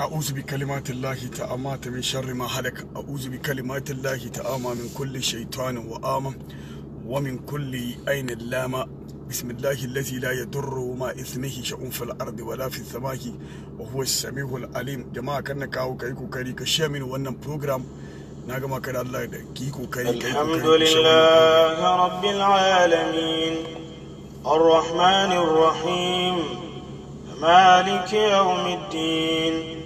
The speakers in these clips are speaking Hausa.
أعوذ بكلمات الله تعالى من شر ما هلك أعوذ بكلمات الله تعالى من كل شيطان وآم ومن كل أين اللام بسم الله الذي لا يضر ما إثمه شيء في الأرض ولا في السماء وهو السميع العليم جماعة كنا كاو كايكو كاري كشامين من ونن بروجرام ناغما كان الله كيكو كاري الحمد لله رب العالمين الرحمن الرحيم مالك يوم الدين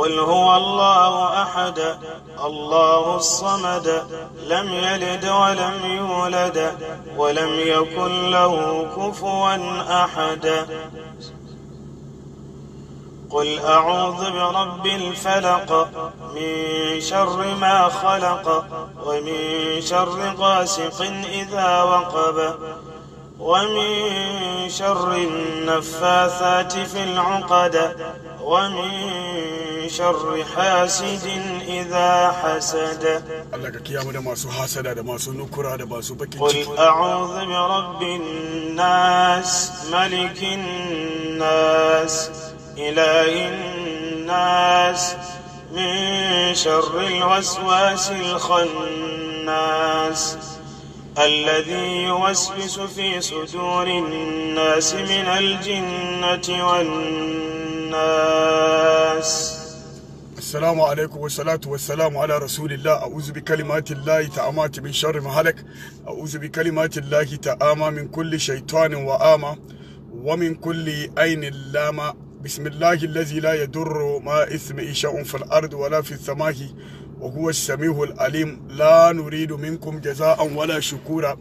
قل هو الله أحد الله الصمد لم يلد ولم يولد ولم يكن له كفوا أحد قل أعوذ برب الفلق من شر ما خلق ومن شر غاسق إذا وقب ومن شر النفاثات في العقد ومن شر حاسد إذا حسد قل أعوذ برب الناس ملك الناس إله الناس من شر الوسواس الخناس الذي يوسوس في صدور الناس من الجنة والناس السلام عليكم والصلاة والسلام على رسول الله أعوذ بكلمات الله تعامى من شر ما هلك أعوذ بكلمات الله تعامى من كل شيطان وآمى ومن كل أين لامى بسم الله الذي لا يدر ما اسم إشاء في الأرض ولا في السماء Ohuwar Samihul'alim, laa nure domin kunja, za a wala shukura.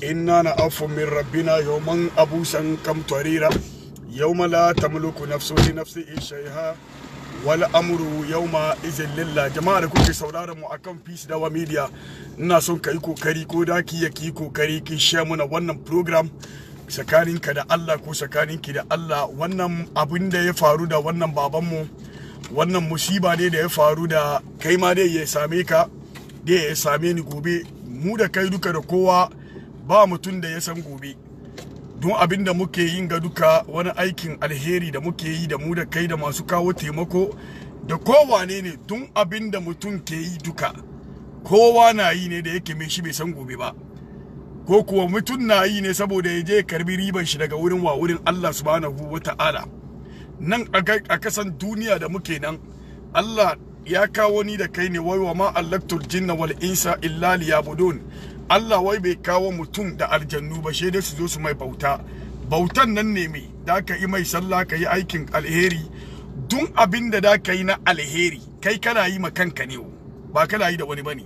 inna ni amfin min rabbi na yauma a busan kam tare da. Yau ma la ta maluƙu nafsoni, nafsi in shayi hawan Amadu, izin lilla. Jama'a da kuke sauraron mu akan Peace Dawa Media? Ina son ka yi ko da ki yake yi ƙoƙari? Kin shan mu na wannan program tsakaninka da Allah, ko tsakaninki da Allah? Wannan abin da ya faru da wannan babanmu? wannan musiba ne da ya faru da kai ma dai ya same ka dai ya same ni gobe mu da kai duka da kowa ba mutum da ya san gobe don abin da muke yin ga duka wani aikin alheri da muke yi da mu da kai da masu kawo taimako da kowane ne don abin da mutum ke yi duka kowa na yi ne da yake mai shi bai san gobe ba ko kuwa mutum na yi ne saboda ya je karbi riban shi daga wurin wa wurin Allah subhanahu wa ta'ala nan a kasan duniya da muke nan Allah ya kawo ni da kai ne wai wa ma allaktul jinna wal insa illa liyabudun Allah wai bai kawo mutum da aljannu ba shi dai su zo su mai bauta bautan nan ne me da ka yi mai sallah ka yi aikin alheri duk abin da da ka yi na alheri kai kana yi ma kanka ne ba kana yi da wani bane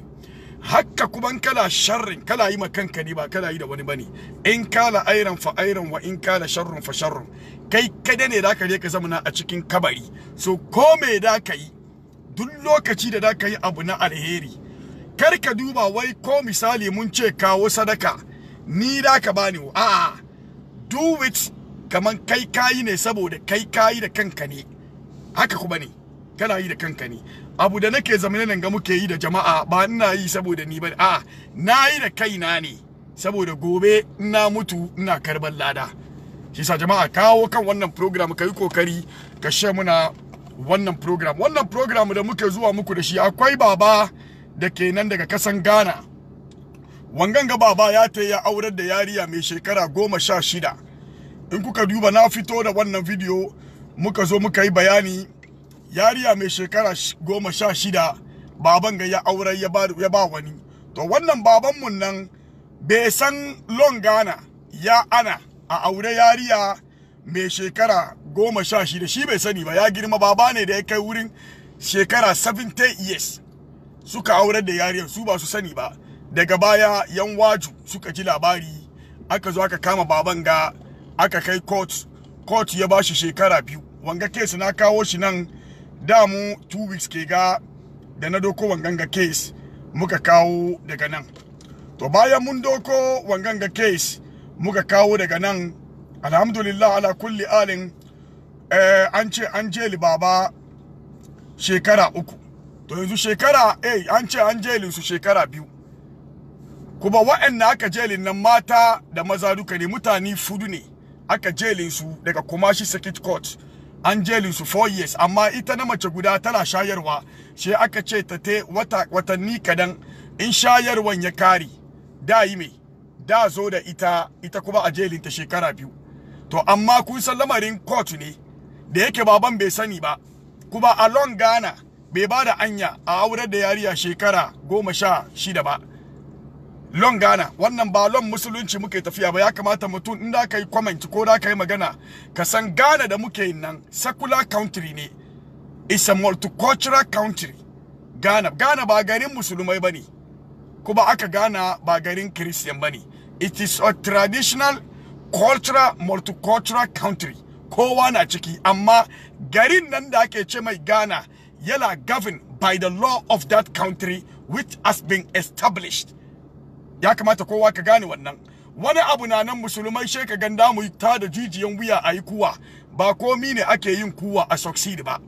hakka kuma kala sharrin kala yi ma kanka ne ba kala yi da wani bane in kala airan fa airan wa in kala sharrun fa sharrun kai kada ne da ka je ka zamana a cikin kabari so ko me da ka yi duk lokaci da da ka yi abu na alheri kar ka duba wai ko misali mun ce kawo sadaka ni da ka bani a'a do it kaman kai kayi ne saboda kai kayi da kanka ne haka kuma ne kana yi da kanka ne abu da nake zamanin nan ga muke yi da jama'a ba ina yi saboda ni ba a'a na yi da kaina ne saboda gobe ina mutu ina karban lada shi sa jama'a kawo kan wannan program ka yi kokari ka she muna wannan program wannan program da muke zuwa muku da shi akwai baba da ke nan daga kasan ghana wangan ga baba ya ta ya aurar da yariya mai shekara goma sha shida in kuka duba na fito da wannan video muka zo muka yi bayani yariya mai shekara goma sha shida baban ga ya aurar ya ba wani to wannan baban mun nan bai san long ghana ya ana a aure yariya mai shekara goma sha shida shi bai sani ba ya girma baba ne da ya kai wurin shekara 70 years suka aure da yariyar su ba su sani ba daga baya yan waju suka ji labari aka zo aka kama baban ga aka kai court court ya bashi shekara biyu wanga case na kawo shi nan damu two weeks ke ga da na doko wanganga case muka kawo daga nan to bayan mun doko wanganga case muka kawo daga nan alhamdulillah ala kulli alin eh, an ce an je libaba shekara uku to yanzu shekara eh an ce an je su shekara biyu kuma wa'anda aka jelin nan mata da maza duka ne mutane fudu ne aka jelin su daga kumashi circuit court an jelin su 4 years amma ita na mace guda tana shayarwa sai aka ce ta te watanni kadan in shayarwan ya kare da yi mai da zo da ita ita kuma a jelinta shekara biyu to amma kun san lamarin court ne da yake baban bai sani ba kuma a long gana bai ba da anya a aure da yariya shekara goma sha shida ba long gana wannan ba long musulunci muke tafiya ba ya kamata mutum in da ka yi comment ko da kai yi magana ka san Ghana da muke yin nan secular country ne is a multicultural country gana gana ba garin musulmai bane kuma aka gana ba garin Christian bane it is a traditional cultural multicultural country kowa na ciki amma garin nan da ake ce mai Ghana yana governed by the law of that country which has been established ya kamata kowa ka gane wannan wani abu na nan musulmai she ka ganda mu ta da jijiyan wuya a yi kuwa ba komi ne ake yin kuwa a succeed ba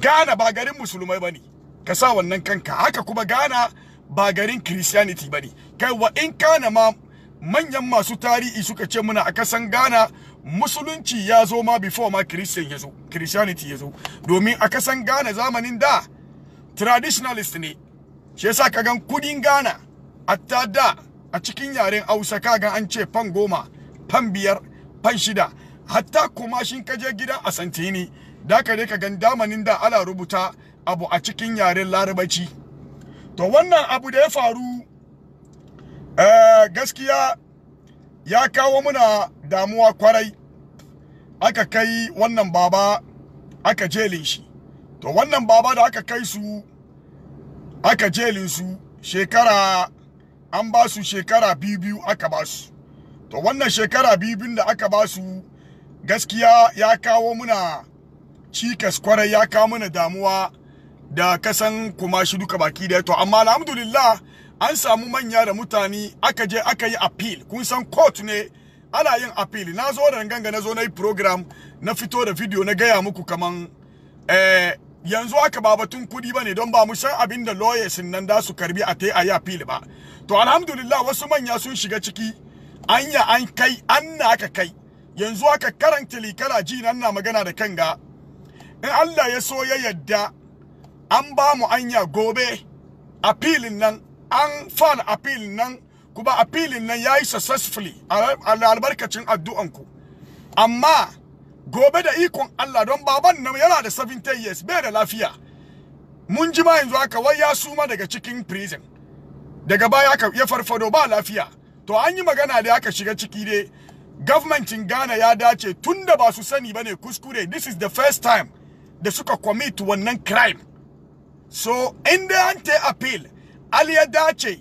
Ghana ba garin musulmai bane ka sa wannan kanka haka kuma Ghana ba garin christianity bane kai wa in kana ma manyan masu tarihi suka ce muna a kasan Ghana musulunci ya zo ma before ma Christian ya zo Christianity ya zo domin a kasan Ghana zamanin da traditionalist ne shi yasa ka gan kudin Ghana hatta da a cikin yaren Hausa ka ga an ce fan goma fan biyar fan shida hatta kuma shin ka je gidan a santini, da ka ka gan damanin da ala rubuta abu a cikin yaren Larabaci to wannan abu da ya faru eh gaskiya ya kawo muna damuwa kwarai aka kai wannan baba aka jelin shi to wannan baba da aka kai su aka jelin su shekara an ba su shekara biyu aka ba su to wannan shekara biyu da aka ba su gaskiya ya kawo muna cikas kwarai ya kawo muna damuwa da kasan kuma shi duka baki da to amma alhamdulillah an samu manya da mutane aka je aka yi appeal kun san court ne ana yin appeal na zo da ganga na zo na yi program na fito da video na gaya muku kaman eh, yanzu aka ba batun kudi ba ne don ba mu san abin da lawyers nan da su karbi a tai a yi appeal ba to alhamdulillah wasu manya sun shiga ciki anya an kai an na aka kai yanzu aka karanta likara ji nan na magana da kanga in Allah ya so ya yadda an ba mu anya gobe appeal nan an fara appeal nan kuma appealin nan yayi successfully albarkacin addu'anku amma gobe da ikon Allah don baban nan yana da 70 years bai da lafiya mun ji ma yanzu haka wai ya suma daga cikin prison daga baya aka ya farfado ba lafiya to an yi magana da aka shiga ciki dai gwamnatin Ghana ya dace tunda ba su sani bane kuskure this is the first time da suka commit wannan crime so in the ante appeal Ali ya dace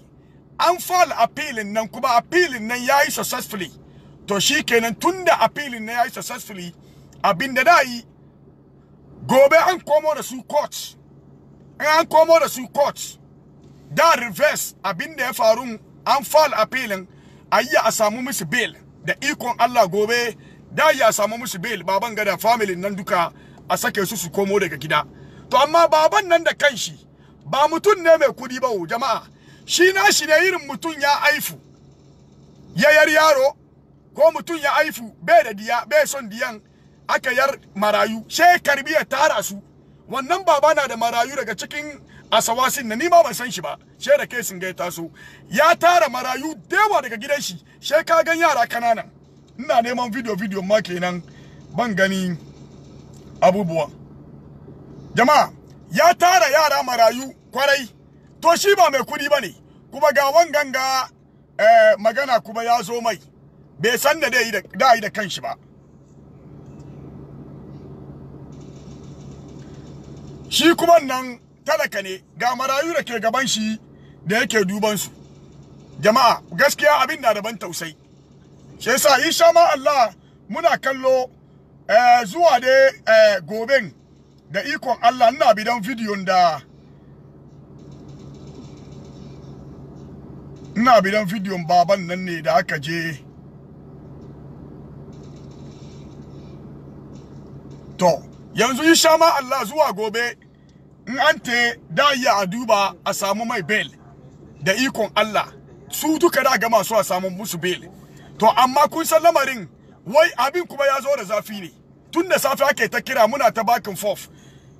an fall appealing nan kuma appealing nan yayi successfully to shi kenan tunda appealing nan yayi successfully abin da dai gobe an komo da su court an komo da su court da reverse abin da ya faru an fall appealing ayya a samu musu bail da ikon Allah gobe da ya samu musu bail baban gada family nan duka a sake su su komo daga gida to amma baban nan da kanshi ba mutum ne mai kudi ba jama'a shi na shi ne irin mutum ya aifu yayar yaro ko mutum ya aifu bai da diya bai son diyan aka yar marayu sai karbi ya tara su wannan baba na da marayu daga cikin asawasin na nima ban san shi ba sai da kai sun gaita taso ya tara marayu dewa daga gidan shi sai ka gan yara kananan ina neman video video ma kenan ban gani abubuwa jama'a ya tara yara marayu kwarai to shi ba mai kudi ne kuma ga wangan ga eh, magana kuma ya zo mai bai san da dai da yi da kanshi ba shi kuma nan talaka ne ga marayu da ke gaban shi da yake duban su jama'a gaskiya abin na daban tausayi shi yasa insha ma Allah muna kallo eh, zuwa da eh, goben da ikon Allah ina bidan bidiyon da ina bidan bidiyon baban nan ne da aka je to yanzu insha ma Allah zuwa gobe in an te da ya a duba a samu mai bail da ikon Allah su duka da gama su a samu musu bail to amma kun san lamarin wai abin kuma ya zo da zafi ne tun da safe ake ta kira muna ta bakin fof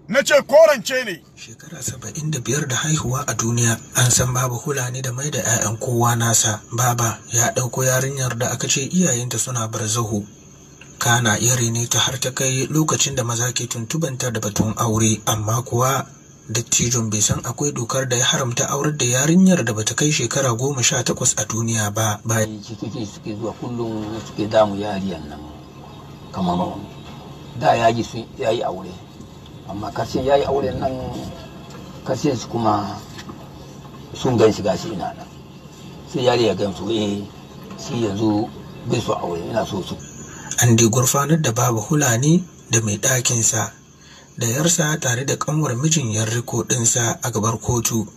na ce korance ne shekara saba'in da biyar da haihuwa a duniya an san babu ne da mai da 'ya'yan kowa nasa baba ya ɗauko yarinyar da aka ce iyayenta suna barzahu kana iya ne ta har ta kai lokacin da maza ke tuntubanta da batun aure amma kuwa dattijon bai san akwai dokar da ya haramta aurar da yarinyar da bata kai shekara goma sha takwas a duniya ba ba suke suke zuwa kullum suke damu yariyan nan kamar da yaji sun aure amma karshe ya yi auren nan karshen su kuma sun gan shiga shi ina nan sai yari ya gamsu eh shi yanzu bai so aure ina so su an dai gurfanar da babu hulani da mai sa da yarsa tare da kanwar mijin yan riko ɗinsa a gabar kotu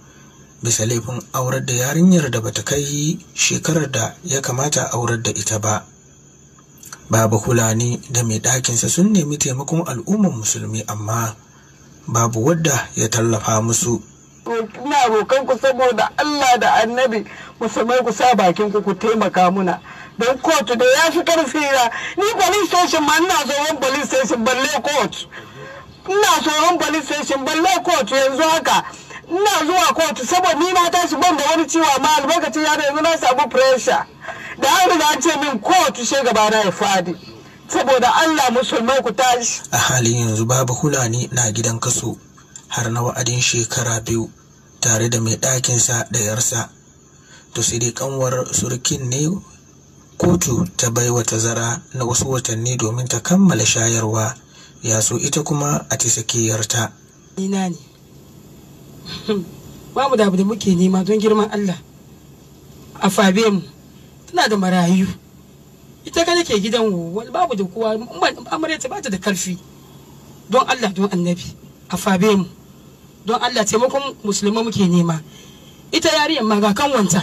bisa laifin aurar da yarinyar da bata kai shekarar da ya kamata aurar da ita ba babu Hulani da mai ɗakinsa sun nemi taimakon al'ummar musulmi amma babu wadda ya tallafa musu. Ina roƙon ku saboda Allah da annabi musulmai ku sa bakin ku ku taimaka muna. Don kotu da ya fi karfi na ni police station ma ina tsoron police station balle court. Ina tsoron police station balle court yanzu haka. ina zuwa kotu saboda ni ma tashi ban da wani ciwo amma ya yana yanzu na samu pressure da an riga an ce min kotu shi gaba na ya fadi saboda Allah musulmai ku tashi a halin yanzu babu hulani na gidan kaso har na wa'adin shekara biyu tare da mai sa da yarsa to sai dai kanwar surkin ne kotu ta baiwa tazara na wasu watanni domin ta kammala shayarwa ya so ita kuma a ta sakiyarta ina ne ba mu da abu da muke nema don girman Allah a fabe mu tana da marayu ita ka nake gidan babu da kowa amarya ta bata da karfi don Allah don annabi a fabe mu don Allah taimakon musulman muke nema ita yariyan ma ga kanwanta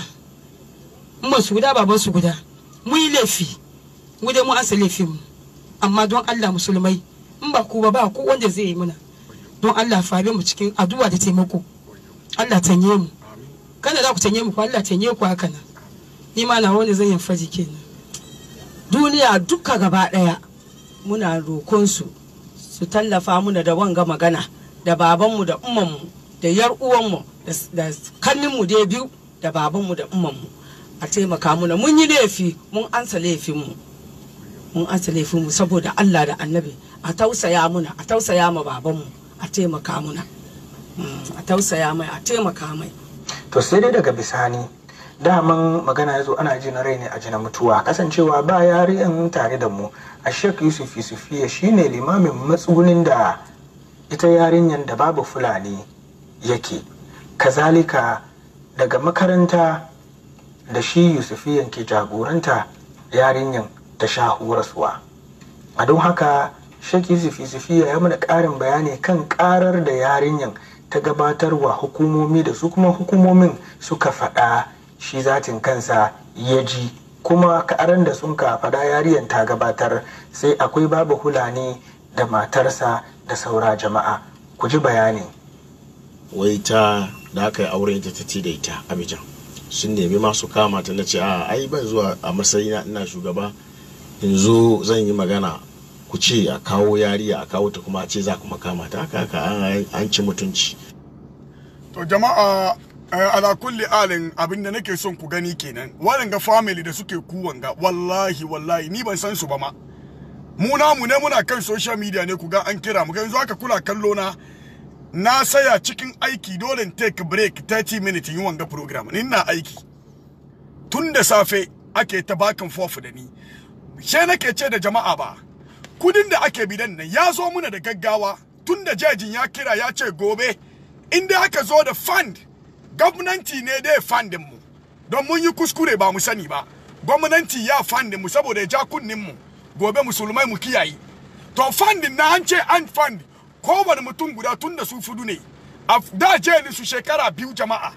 ba su guda baban su guda mu yi laifi mu dai mu asa laifin mu amma don Allah musulmai in ba ku ba ba ko wanda zai yi muna don Allah fabe mu cikin addu'a da taimako Allah tanye mu kana za ku tanye mu ko Allah tanye ku haka nan ni ma na wani zan yamfa faji kenan duniya duka gaba daya muna rokon su su tallafa muna da wanga magana da babanmu da ummanmu da yar mu da mu da biyu da babanmu da ummanmu a taimaka muna mun yi laifi mun ansa laifinmu mun ansa laifinmu saboda Allah da annabi a tausaya muna a tausaya ma babanmu a taimaka muna a tausaya mai a taimaka mai to sai dai daga bisani daman magana ya zo ana jin rai ne a jina mutuwa kasancewa ba yariyan tare da mu a shek yusuf yusufiya shine limamin matsugunin da ita yarinyar da babu fulani yake kazalika daga makaranta da shi yusufiyan ke jagoranta yarinyan ta sha horaswa a don haka shek yusuf yusufiya ya mana ƙarin bayani kan ƙarar da yarinyan ta gabatarwa hukumomi da su kuma hukumomin suka faɗa shi zatin kansa ya ji kuma ka'aran da sun ka faɗa yariyan ta gabatar sai akwai babu hulani da matarsa da saura jama'a ku ji bayani wai ta da aka yi aure ta ci da ita abijan sun nemi masu kama ta na ce a ai ban zuwa a matsayina ina shugaba in zo zan yi magana ku ce a kawo yariya a kawo ta kuma a ce za ku makama ta haka haka an ci mutunci to jama'a eh, ala kulli alin abin da nake son ku gani kenan ga family da suke kuwan ga wallahi wallahi ni ban san su ba ma mu namu ne muna kan social media ne ku ga an kira mu yanzu aka kula kallo na na saya cikin aiki dole in take break 30 minutes yin wanga program ni na aiki tun da safe ake ta bakin fofu da ni she nake ce da jama'a ba kudin da ake bidan nan ya zo muna da gaggawa tun da jajin ya kira ya ce gobe inda aka zo da fund gwamnati ne dai fundin mu don mun yi kuskure ba mu sani ba gwamnati ya fundin mu saboda ya ja kunnin mu gobe musulmai mu kiyaye to fundin na an ce an fund kowane mutum guda tun da su fudu ne da je ni su shekara biyu jama'a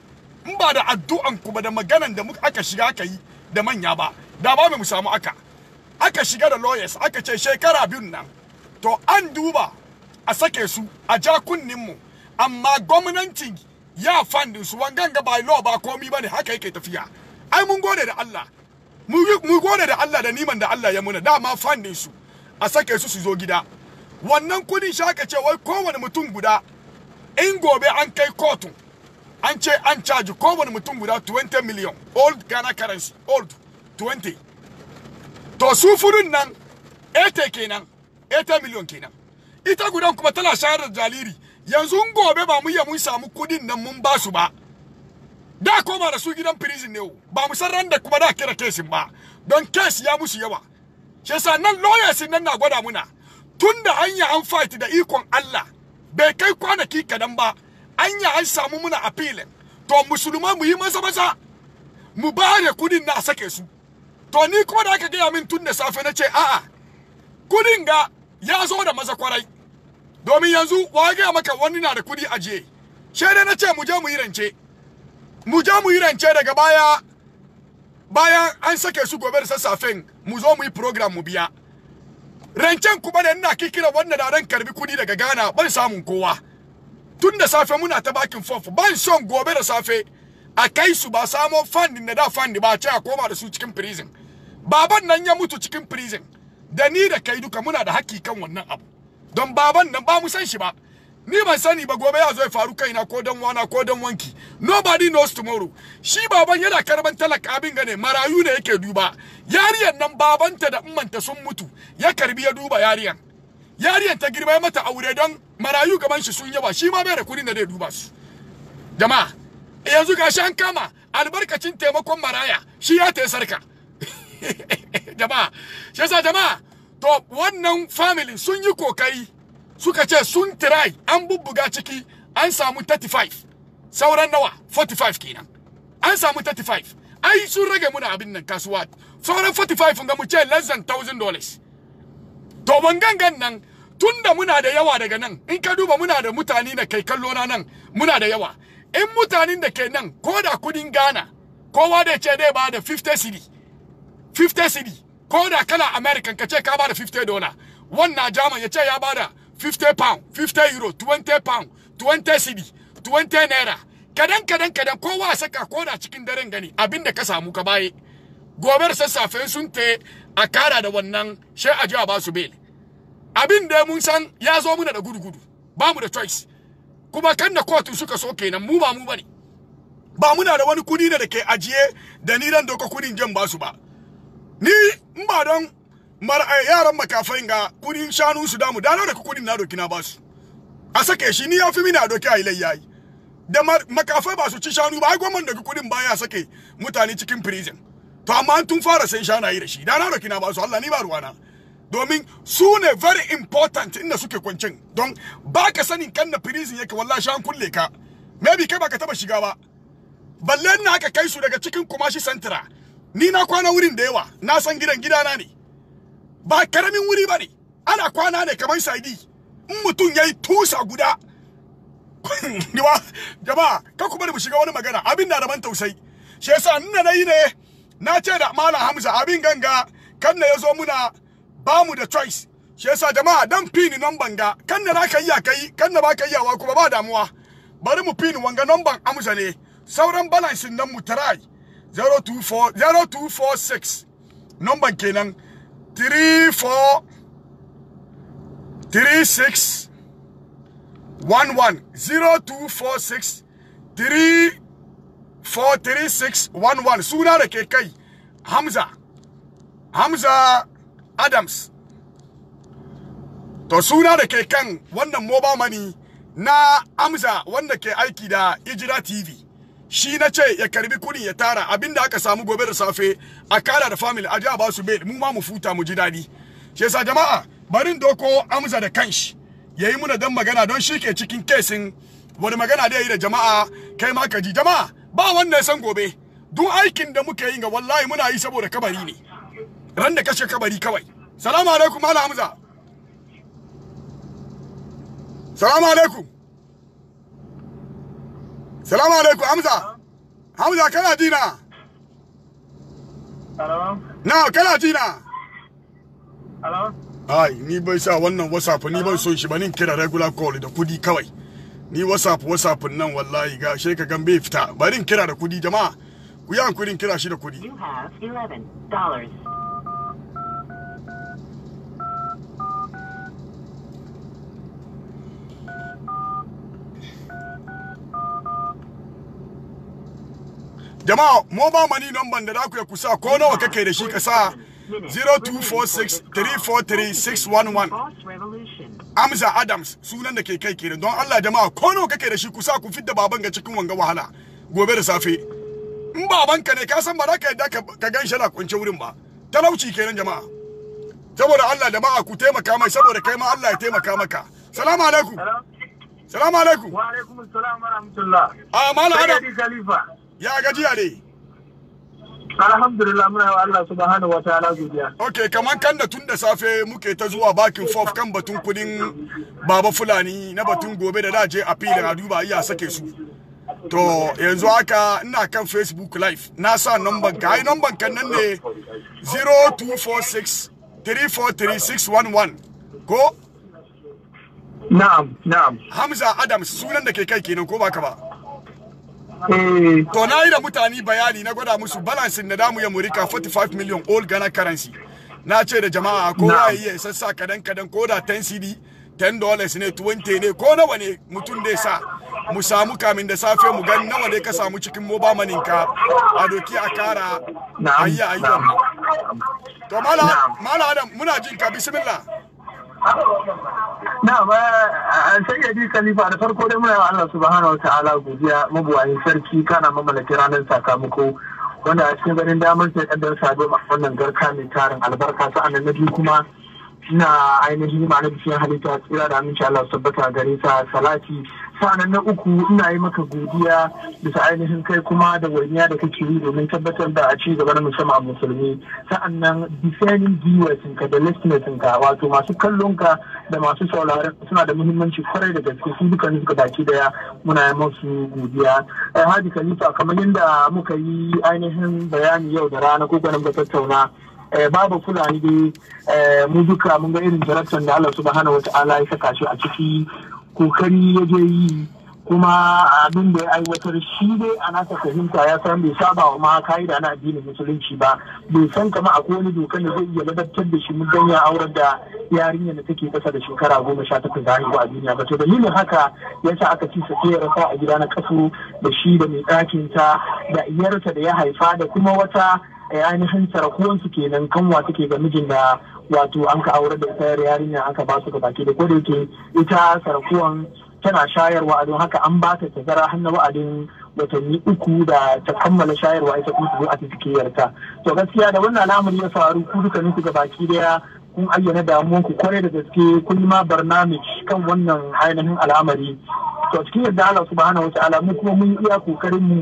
in ba da addu'an ku ba da maganan da aka shiga aka yi da manya ba da ba mu samu aka aka shiga da lawyers aka ce shekara biyun nan to an duba a sake su a ja mu amma gwamnati ya fandin su wanganga ba law ba komi bane haka yake tafiya ai mun gode da Allah mu gode da Allah da niman da Allah ya muna dama fandin su a sake su su zo gida wannan kudin shaka ce wai kowane mutum guda in gobe an kai kotun an ce an caji kowane mutum guda 20 million old Ghana currency old 20 to sufurin nan ete kenan ete miliyon kenan ita gudan kuma tana shayar da jariri yanzu gobe ba mu ya mun samu kudin nan mun ba su ba da koma da su gidan prison ne ba mu san randa kuma da kira kesin ba don kes ya musu yawa shi yasa nan lawyers nan na gwada muna tun da hanya an fight da ikon Allah bai kai kwanaki kadan ba anya an samu muna appeal to musulman mu yi masa maza mu bare kudin na sake su to ni kuma da aka gaya min tun da safe na ce a'a kudin ga ya zo da maza kwarai domin yanzu wa gaya maka wani na da kudi ajiye she dai na ce mu je mu yi rance mu je mu yi rance daga baya bayan an sake su gobe da sassafen mu zo mu yi program mu biya rancen ku da ina kikira wanda da ran karbi kudi daga Ghana ban samun kowa tun da safe muna ta bakin fof ban son gobe da safe a kai su ba samo fannin da da fandi ba a ce a koma da su cikin prison baban nan ya mutu cikin prison da ni da kai duka muna da haƙƙi kan wannan abu don baban nan ba mu san shi ba ni ban sani ba gobe ya zo ya faru kaina ko dan wana ko dan wanki nobody knows tomorrow shi baban yana karban talaka abin gane marayu ne yake duba yariyan nan babanta da ummanta sun mutu ya karbi ya duba yariyan yariyan ta girma mata aure don marayu gaban shi sun yaba, shi ma bai da kuɗin da zai duba su jama'a yanzu gashi an kama albarkacin taimakon maraya shi ya tayi sarka jama'a shi yasa jama'a to wannan family sun yi kokari suka ce sun try an bubbuga ciki an samu 35 sauran nawa 45 kenan an samu 35 ai sun rage muna abin nan kasuwa sauran 45 ga mu ce less than 1000 dollars to wangangan nan tunda muna da yawa daga nan in ka duba muna da mutane na kai kallo na nan muna da yawa in mutanen da ke nan ko da kudin gana kowa da ce dai ba da 50 city 50 cedi ko da kana american ka ce ka bada 50 dollar wannan german ya ce ya bada 50 pound 50 euro 20 pound 20 cedi 20 naira kadan kadan kadan kowa saka ko da cikin daren gani abin da ka samu ka baye gobar sassafe sun te a kara da wannan sai a jiwa ba su bail abin da mun san ya zo muna da gudu-gudu ba mu da choice kuma kan da kotu suka so kenan mu ba mu bane ba muna da wani kudi da ke ajiye da ni ran doka kudin jan ba su ba ni in ba don eh, yaran makafai ga kudin shanu su damu da n'a da kudin na doki na basu a sake shi ni ya fi mini a doki a ilayya yi da makafai ba su ci shanu ba ai gwamnan da kudin ba ya sake mutane cikin prison to amma tun fara sai shanayi da shi da na doki na basu Allah ni ba ruwana domin su ne very important inda suke kwancin don ba ka sanin kan da prison yake wallahi shan kulle ka maybe kai ba ka taba shiga ba balle na aka kai su daga cikin kumashi central ni na kwana wurin da yawa na san gidan gidana ne ba karamin wuri bane ana kwana ne kamar saidi in mutum ya yi tusa guda jama'a ka kuma da mu shiga wani magana abin na da man tausayi shi yasa na yi ne na ce da mala hamza abin ganga kan na ya zo muna ba mu da choice shi yasa jama'a dan pin nan banga kan na ka iya kai kan na baka iyawa kuma ba damuwa bari mu pin wanga nan ban amsa ne sauran balansin nan mu try 0246 number kenan 34 suna da ke kai Hamza Hamza Adams to suna da ke kan wannan mobile money na Hamza wanda ke aiki da Ijira TV shi na ce ya karbi kuɗi ya tara abinda aka samu gobe da safe a kara da family a ba su bail mu ma mu futa mu ji dadi shi yasa jama'a barin doko amsa da kanshi yayi muna dan magana don shi ke cikin kesin wani magana da yayi da jama'a kai ma ka ji jama'a ba wanda ya san gobe duk aikin da muke yi ga wallahi muna yi saboda kabari ne ran da kashe kabari kawai salamu alaikum malam Amza. salamu alaikum Salamu alaikum Hamza. Hamza kana jina? Hello. Na kana jina? Hello. Ai ni bai sa wannan WhatsApp ni bai son shi ba nin kira regular call da kudi kawai. Ni WhatsApp WhatsApp nan wallahi ga shi ka gambe fita. Bari in kira da kudi jama'a. Ku yi hankurin kira shi da kudi. You have $11. jama'a mobile money number da za ku kusa ko nawa kake da shi ka sa 0246343611 Amza Adams sunan da ke kai kenan don Allah jama'a ko nawa kake da shi kusa ku fidda baban ga cikin wanga wahala gobe da safe in ka ne ka san ba za ka yadda ka gan shi na wurin ba talauci kenan jama'a saboda Allah jama'a ku taimaka mai saboda kai ma Allah ya taimaka maka salamu alaikum salamu alaikum wa alaikum salam wa rahmatullah ah mala adam khalifa ya gajiya ne alhamdulillah muna wa Allah subhanahu wataala godiya okay kamar kan da tun da safe muke ta zuwa bakin fof kan batun kudin baba fulani na batun gobe da daje a filin a duba iya sake su to yanzu haka ina kan facebook live na sa number ka ai number kan nan ne 0246 343611 ko na'am na'am hamza adams sunan da ke kai kenan ko baka ba Eh. to na yi da mutane bayani na gwada musu balansin da damu ya murika 45 million old Ghana currency na ce da jama'a ko ya yi ya sassa kadan kadan ko da 10 cd 10 dollars ne 20 ne ko nawa ne mutum dai sa mu samu kamin da safe mu gani nawa dai ka samu cikin mobile money ka a doki a kara ayya ayya to mala mala adam muna jin ka bismillah Na ba sayyadi Khalifa da farko dai muna Allah subhanahu ta'ala godiya mabuwayin sarki kana mamalaki ranar sakamako wanda a cikin ganin damar sai kaddar sado a wannan garka mai tarin albarka sa'an na biyu kuma ina ainihin ma'anar cikin halitta tsira da aminci Allah su tabbata gare sa salati sa'an na uku ina yi maka godiya bisa ainihin kai kuma da wariya da kake yi domin tabbatar da a ci gaba na musamman musulmi sa'an nan defining viewers ka da listeners ka wato masu kallon ka da masu sauraron suna da muhimmanci kwarai da gaske su duka suka baki daya muna yi musu godiya eh, Haji khalifa kamar yadda muka yi ainihin bayani yau da rana ko ganin da tattauna eh, babu fulani dai eh, mu duka mun ga irin jarabtar da Allah subhanahu wata'ala ya saka shi a ciki kokari ya je yi kuma abin da ya aiwatar shi dai a nasa fahimta ya san bai saba wa ma ka'ida na addinin musulunci ba bai san kama akwai wani dokar da zai iya ladabtar da shi mun ya aurar da yarinyar da take kasa da shekara goma sha takwas da haihuwa a duniya ba to dalilin haka ya sa aka ci sai ya rasa a gida na kasu da shi da mai ɗakin ta da iyarta da ya haifa da kuma wata ainihin sarakuwansu kenan kanwa take ga mijin da wato an ka aure da tsayar yarinya aka ba su baki da kodayake ita sarakuwan tana shayarwa don haka an ba ta tazara har na wa'adin watanni uku da ta kammala shayarwa ita kuma zo a cikiyarta to gaskiya da wannan al'amari ya faru ku dukkanin ku baki daya kun ayyana damuwan ku kwarai da gaske kun yi ma barnamij kan wannan ainihin al'amari to cikin yadda Allah subhanahu wataala mu kuma mun iya kokarin mu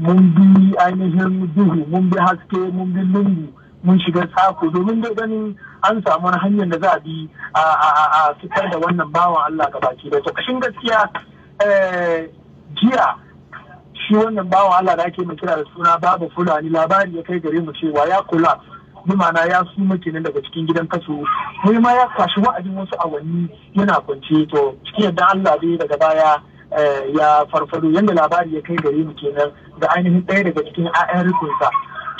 mun bi ainihin duhu mun bi haske mun bi lungu mun shiga sako domin da ganin an samu wani hanyar da za a bi a fitar da wannan bawan Allah ga baki da ta kashin gaskiya eh, jiya shi wannan bawan Allah da ake kira da suna babu fulani labari ya kai gare mu cewa ya kula bimana ya su kenan daga cikin gidan kaso mai ma ya kwashi wa'adin wasu awanni yana kwance to cikin yadda Allah dai daga baya eh, ya farfado yadda labari ya kai gare mu kenan da ainihin ɗaya daga cikin 'ya'yan rikunsa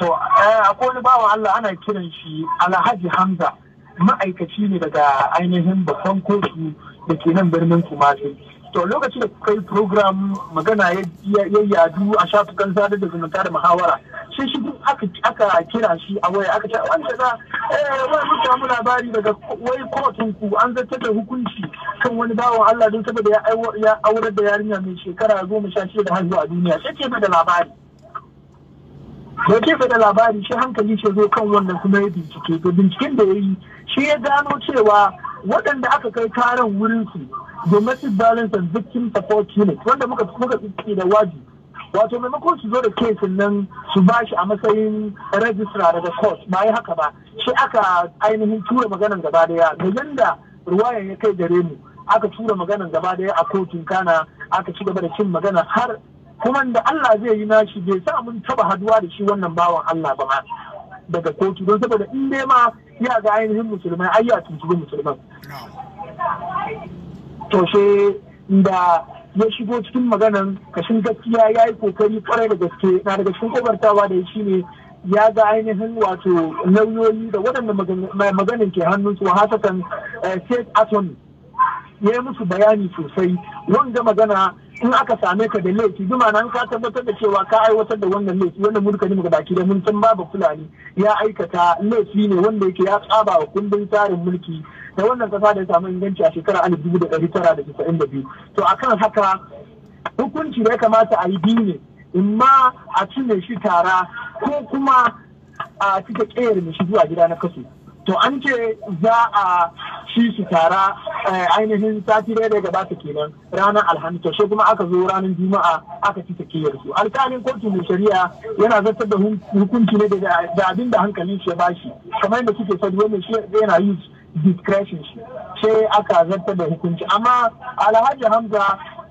to eh, akwai wani bawan Allah ana kiran shi Alhaji Hamza ma'aikaci ne daga ainihin babban kotu da ke nan birnin Kumasi to lokacin da kuka yi program magana ya yadu a shafukan sadar da zumunta da muhawara shi shi aka kira shi a waya aka ce wani kaza eh wani mun samu labari daga wai kotun ku an zartar da hukunci kan wani bawan Allah don saboda ya aurar da yarinya mai shekara goma sha shida haihuwa a duniya sai ce da labari da ke fada labari shi hankali ce zo kan wannan kuma ya bincike to binciken da ya yi shi ya gano cewa waɗanda aka kai karan wurin su domestic violence and victim support unit wanda muka muka tsiki da waji wato maimakon su zo da kesin nan su ba shi a matsayin registrar daga court ba yi haka ba shi aka ainihin tura maganan gaba daya da yanda ruwayan ya kai gare mu aka tura maganan gaba daya a kotun kana aka ci gaba da cin magana har kuma da Allah zai yi nashi bai sa mun taba haduwa da shi wannan bawan Allah ba daga kotu don saboda in dai ma ya ga ainihin musulmai ai ya tuntubi musulman to she da ya shigo cikin maganan kashin gaskiya ya yi kokari kwarai da gaske na daga cikin kobartawa da shi ne ya ga ainihin wato lauyoyi da waɗanda maganin ke hannunsu su eh, state attorney ya yi musu bayani sosai wanda magana in aka same ka da laifi zuma nan ka tabbatar da cewa ka aiwatar da wannan laifi wannan mun ne muka baki da mun san babu fulani ya aikata laifi ne wanda yake ya tsaba wa kundin tsarin mulki da wannan kasa da ya samu inganci a shekarar alif dubu da ɗari tara da da biyu to akan haka hukunci da ya kamata a yi biyu ne ma a cire shi tara ko kuma a cika ƙeyar shi zuwa gida na kaso to an ce za a shi su tara eh, ainihin sati ɗaya da gabata kenan ranar alhamis to kuma aka zo ranar juma'a aka ci tsakiyar su alkalin kotu mai shari'a yana zartar da hukunci ne da abin da hankalin shi ya bashi kamar yadda suke sani wanda shi yana yi discretion shi sai aka zartar da hukunci amma alhaji hamza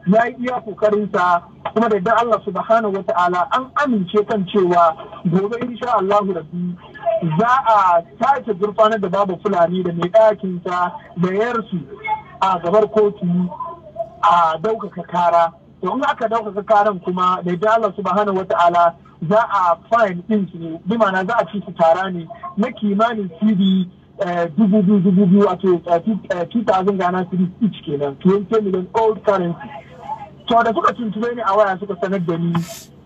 ya yi iya kokarinsa kuma da idan Allah subhanahu wa ta'ala an amince kan cewa gobe insha Allah rabbi za a tace gurfanar da babu fulani da mai ɗakinsa da yarsu a gabar kotu a ɗaukaka kara to in aka ɗaukaka karan kuma da dan Allah subhanahu wa ta'ala za a fine ɗin su bi ma'ana za a ci su tara ne na kimanin cd eh, dubu biyu dubu biyu 2000 eh, eh, Ghana cedis each kenan 20 million old currency to da suka tuntube ni a waya suka sanar da ni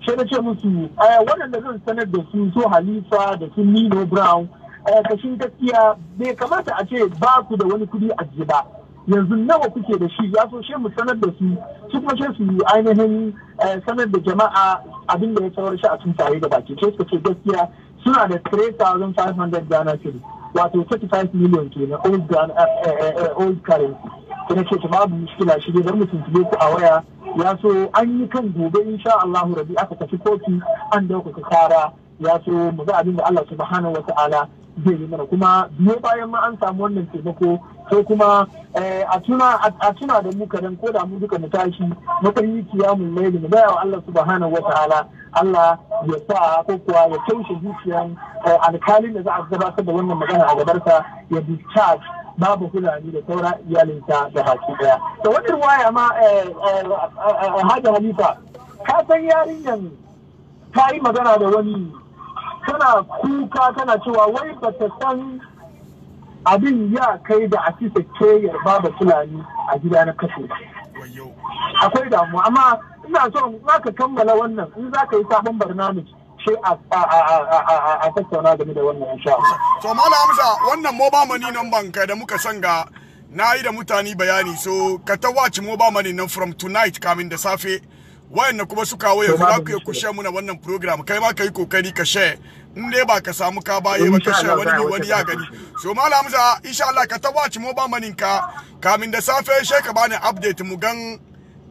sai na ce musu eh, waɗanda zan sanar da su so halifa da su nino brown eh, kashin gaskiya bai kamata a ce ba ku da wani kudi a ba yanzu nawa kuke da shi ya so shi mu sanar da su su kuma shi su ainihin eh, sanar da jama'a abin da ya tsawar shi a tun tare da baki ce suka ce gaskiya suna da 3,500 Ghana cedi wato 35 million kenan old currency kuma ce babu mushkila shi dai mu tuntube ku a waya ya so an yi kan gobe insha Allah rabi aka tafi koti an dauka kara ya so mu ga abin da Allah subhanahu wata'ala zai yi mana kuma biyo bayan ma an samu wannan taimako sai kuma eh, a tuna da mu kadan ko da mu duka mu tashi matsayi kiyamun laili mu bayawa wa Allah subhanahu wata'ala Allah ya sa ko kuwa ya taushe zuciyan eh, alkalin da za a gabatar da wannan magana a gabarsa ya discharge babu fulani da saura iyalinsa da baki daya da wani waya, ma eh, eh, eh, hajji halifa ka san yarinyan ta yi magana da wani tana kuka tana cewa wai ba ta san abin ya kai da a cisa yarba babu fulani a gida na kashe akwai damuwa amma ina so za ka kammala wannan in za ka yi sabon barnamiji sai a tattauna game da wannan insha Allah. To Malam Hamza wannan ba mani nan banka da muka sanga na yi da mutane bayani so ka ta mo ba mani nan from tonight kamin da safe wayanna kuma suka waya za ku ku share muna wannan program kai ma kai kokari ka share in dai ba ka samu ka baye ba ka share wani ne wani ya gani so Malam Hamza insha Allah ka ta mo ba money ka kamin da safe sai ka bani update mu gan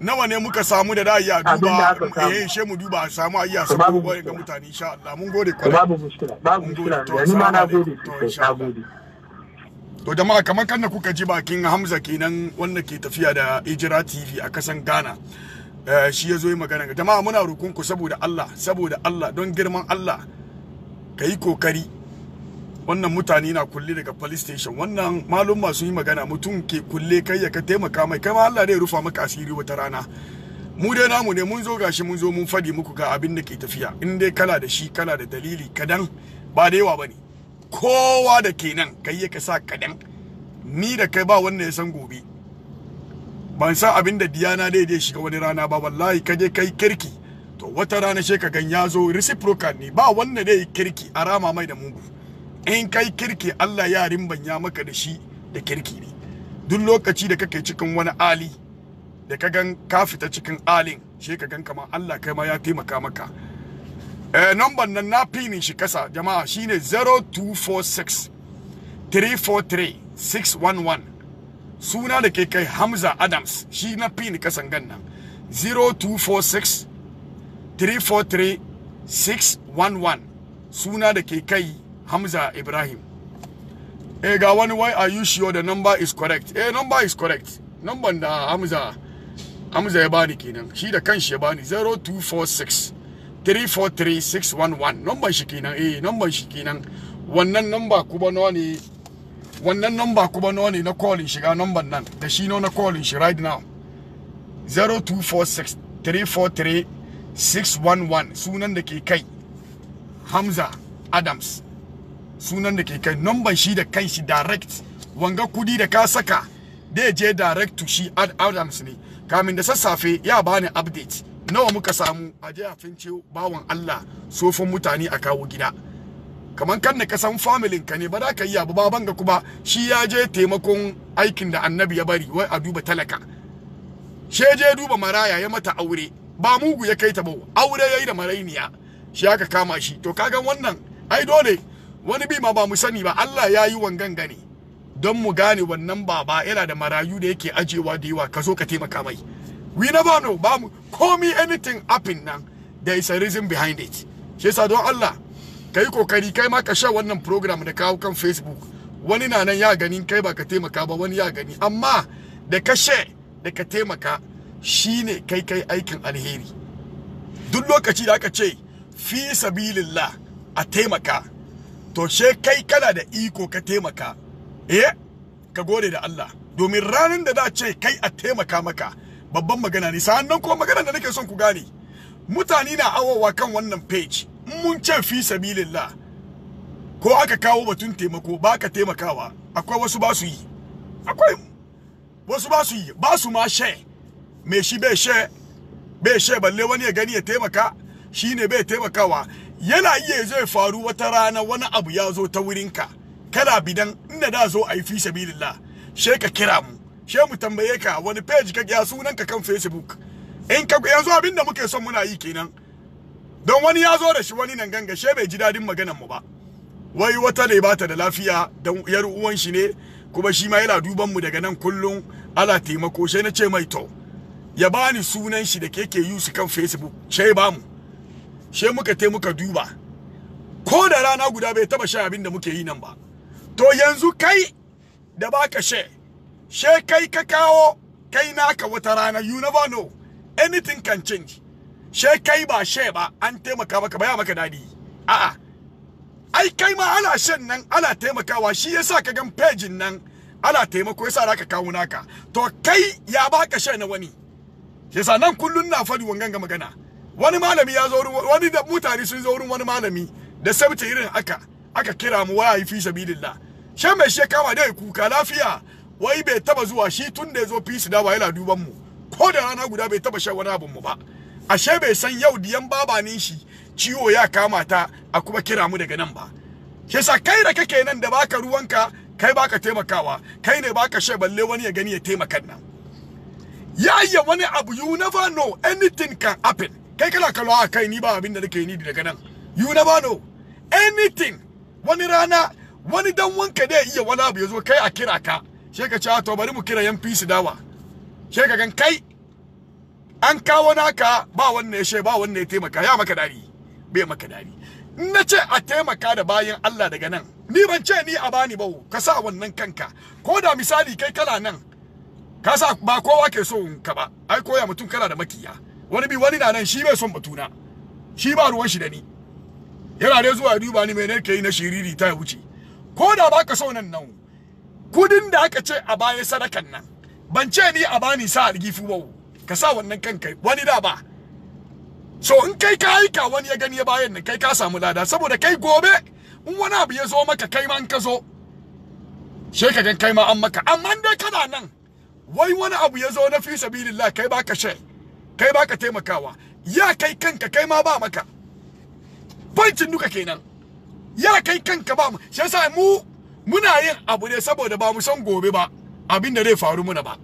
nawa ne muka samu da da'i a duba eh she mu duba a samu a iya sako gwai ga mutane insha Allah mun gode kwarai babu mushkila babu mushkila ni ma na gode na gode to jama'a kamar kanna kuka ji bakin Hamza kenan wanda ke tafiya da Ijira TV a kasan Ghana eh, shi ya zo yi magana jama'a muna rukunku saboda Allah saboda Allah don girman Allah ka yi kokari wannan mutane na kulle daga police station wannan malum masu yi magana mutum ke kulle kai ya ka taimaka mai kai ma Allah zai rufa maka asiri wata rana mu dai namu ne mun zo gashi mun zo mun fadi muku ga abin da ke tafiya in dai kana da shi kana da dalili kadan ba da yawa bane kowa da kenan kai ya ka sa kadan ni da kai ba wannan ya san gobe ban san abin da diyana dai dai shiga wani rana ba wallahi ka je kai kirki to wata rana sai ka gan ya zo reciprocal ne ba wannan dai kirki a mai da mugu in kai kirki Allah ya rimbanya maka da shi da kirki ne duk lokaci da kake cikin wani ali da ka gan ka fita cikin alin shi ka gan kamar Allah kai ma ya taimaka maka eh number nan na pinin shi kasa jama'a shine 0246 343 611 suna da ke kai Hamza Adams shi na pin kasan gan nan 0246 343 611 suna da ke kai Hamza Ibrahim. Eh ga wani why are you sure the number is correct? Eh number is correct. Number da Hamza Hamza ya bani kenan. Shi da kanshi ya bani 0246 343611. Number shi kenan. Eh number shi kenan. Wannan number kuma nawa ne? Wannan number kuma nawa ne na calling shiga number nan? Da shi na calling shi right now. 0246 343611 sunan da ke kai Hamza Adams sunan da ke kai number shi da kanshi direct wanga kudi da ka saka da je direct to shi ad adams ne kamin da sassafe ya bani update nawa muka samu a je a fince bawan Allah sofin mutane a kawo gida Kamar kan da ka san familin ka ne ba za ka yi abu baban ga kuma shi ya je taimakon aikin da annabi ya bari wai a duba talaka she je duba maraya ya mata aure ba mugu ya kai ta ba aure yayi da marainiya shi aka kama shi to kagan wannan ai dole wani bi ma ba mu sani ba Allah ya yi wangan gane don mu gane wannan baba yana da marayu da yake ajewa da yawa ka zo ka taimaka mai we never know ba mu me anything happen nan there is a reason behind it shi yasa don Allah kai kokari kai ma ka sha wannan program da kawo kan Facebook wani na nan ya gani kai ba ka taimaka ba wani ya gani amma da ka she da ka taimaka shine kai kai aikin alheri duk lokaci da aka ce fi sabilillah a taimaka to she kai kana da iko ka taimaka eh ka gode da Allah domin ranar da za ce kai a taimaka maka babban magana ne nan kuma magana da nake son ku gane mutane na awowa kan wannan page mun ce fi sabilillah ko aka kawo batun taimako ba ka taimakawa akwai wasu ba su yi akwai wasu ba su yi ba su ma she me shi be she be she balle wani ya gani ya taimaka shine bai taimakawa yana iya zai faru wata rana wani abu ya zo ta wurinka kana bidan inda da zo a yi fi sabilillah she ka kira mu she mu tambaye ka wani page ka ya sunan ka kan facebook in ka yanzu abin da muke son muna yi kenan don wani ya zo da shi wani nan ganga she bai ji dadin maganar mu ba wai wata ne bata da lafiya dan yar uwan shi ne kuma shi ma yana duban mu daga nan kullum ala taimako she na ce mai to ya bani sunan shi da keke yusu kan facebook she ba mu she muka te muka duba ko da rana guda bai taba sha abin da muke yi nan ba to yanzu kai da baka she she kai ka kawo kai naka wata rana you never know anything can change she kai ba she ba an taimaka maka baya maka dadi a'a ai kai ma ana shan nan ana taimakawa shi yasa ka gan page nan ana taimako yasa zaka kawo naka to kai ya baka she na wani yasa nan kullun na fadi wangan ga magana wani malami ya zo wani da mutane sun zo wurin wani malami da sabta irin aka aka kira mu waya fi sabilillah she mai she kama dai kuka lafiya wai bai taba zuwa shi tun da ya zo fi su dawa yana duban mu ko da rana guda bai taba shan wani abun mu ba ashe bai san yau diyan babanin shi ciwo ya kama ta a kuma kira mu daga nan ba yasa kai da kake nan da baka ruwanka kai baka taimakawa kai ne baka she balle wani ya gani ya taimaka nan ya yi wani abu you never know anything can happen kai kana kallo a kai ni ba abin da nake ni daga nan you never know anything wani rana wani dan wanka da iya wani abu ya kai a kira ka sai ka ce ah, to bari mu kira yan fisi dawa sai ka gan kai an kawo naka ba wannan ya she ba wannan ya taimaka ya maka dari bai maka dari na ce a taimaka da bayan Allah daga nan ni ban ce ni a bani ba ka sa wannan kanka ko da misali kai kala nan ka sa ba kowa ke so ka ba ai koya mutum kala da makiya wani bi wani na nan shi bai son batuna shi ba ruwan shi da ni yana dai zuwa duba ni mai ne kai na shiriri ta wuce ko da baka son nan nan kudin da aka ce a baya sadakan nan ban ce ni a bani sa algifu ba ka sa wannan kanka wani da ba so in kai ka aika wani ya gani ya bayan nan kai ka samu lada saboda kai gobe in wani abu ya zo maka kai ma in ka zo she ka gan kai ma an maka amma dai kana nan wai wani abu ya zo na fi sabilillah kai baka shai kai baka taimakawa ya kai kanka kai ma ba maka bancin duka kenan ya kai kanka ba mu shi yasa mu muna yin abu ne saboda ba mu san gobe ba abin da zai faru muna ba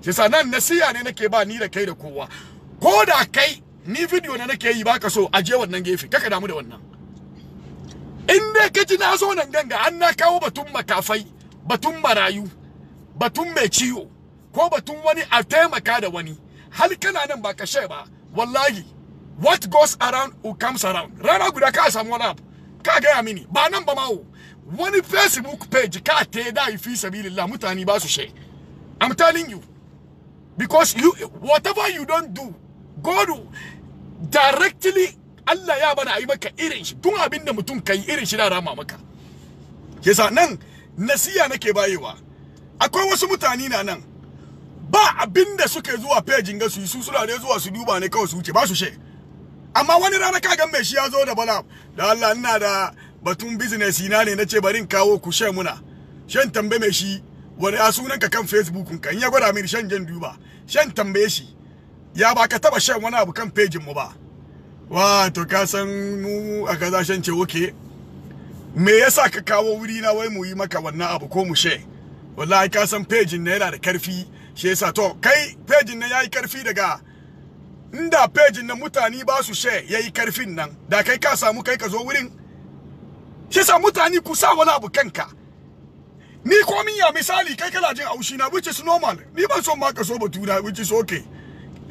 shi yasa nan nasiya ne nake ba ni da kai da kowa ko da kai ni video ne nake yi baka so je wannan gefe kaka damu da wannan in dai ka ji na zo nan ganga an na kawo batun makafai batun marayu batun mai ciwo ko batun wani a taimaka da wani hali kana nan ba kashe ba wallahi what goes around who comes around rana guda ka samu wani ka gaya mini ba nan ba mawo wani facebook page ka te da ifi sabilillah mutane ba su she i'm telling you because you whatever you don't do to directly Allah ya bana yi maka irin shi tun abin da mutum kai irin shi da rama maka yasa nan nasiya nake bayewa akwai wasu mutane na nan ba abin da suke zuwa fejin ga su su suna ne zuwa su duba ne kawai su wuce ba su she amma wani rana ka ga mai shi ya zo da bala da Allah ina da batun business ina ne nace bari in kawo ku she muna shan tambaye mai shi wani a ka kan facebook kan ya gwada min shan jan duba shan tambaye shi ya ba ka taba shan wani abu kan pejin mu ba wato ka san mu a kaza shan ce oke me yasa ka kawo wuri na wai mu yi maka wannan abu ko mu she wallahi ka san pejin na yana da karfi shi yasa to kai pejin nan yayi karfi daga inda pejin nan mutane ba su share yayi karfin nan da kai ka samu kai ka zo wurin shi yasa mutane ku sa wala bu kanka ni komin ya misali kai kana jin haushi na which is normal ni ban son ma ka so batuna which is okay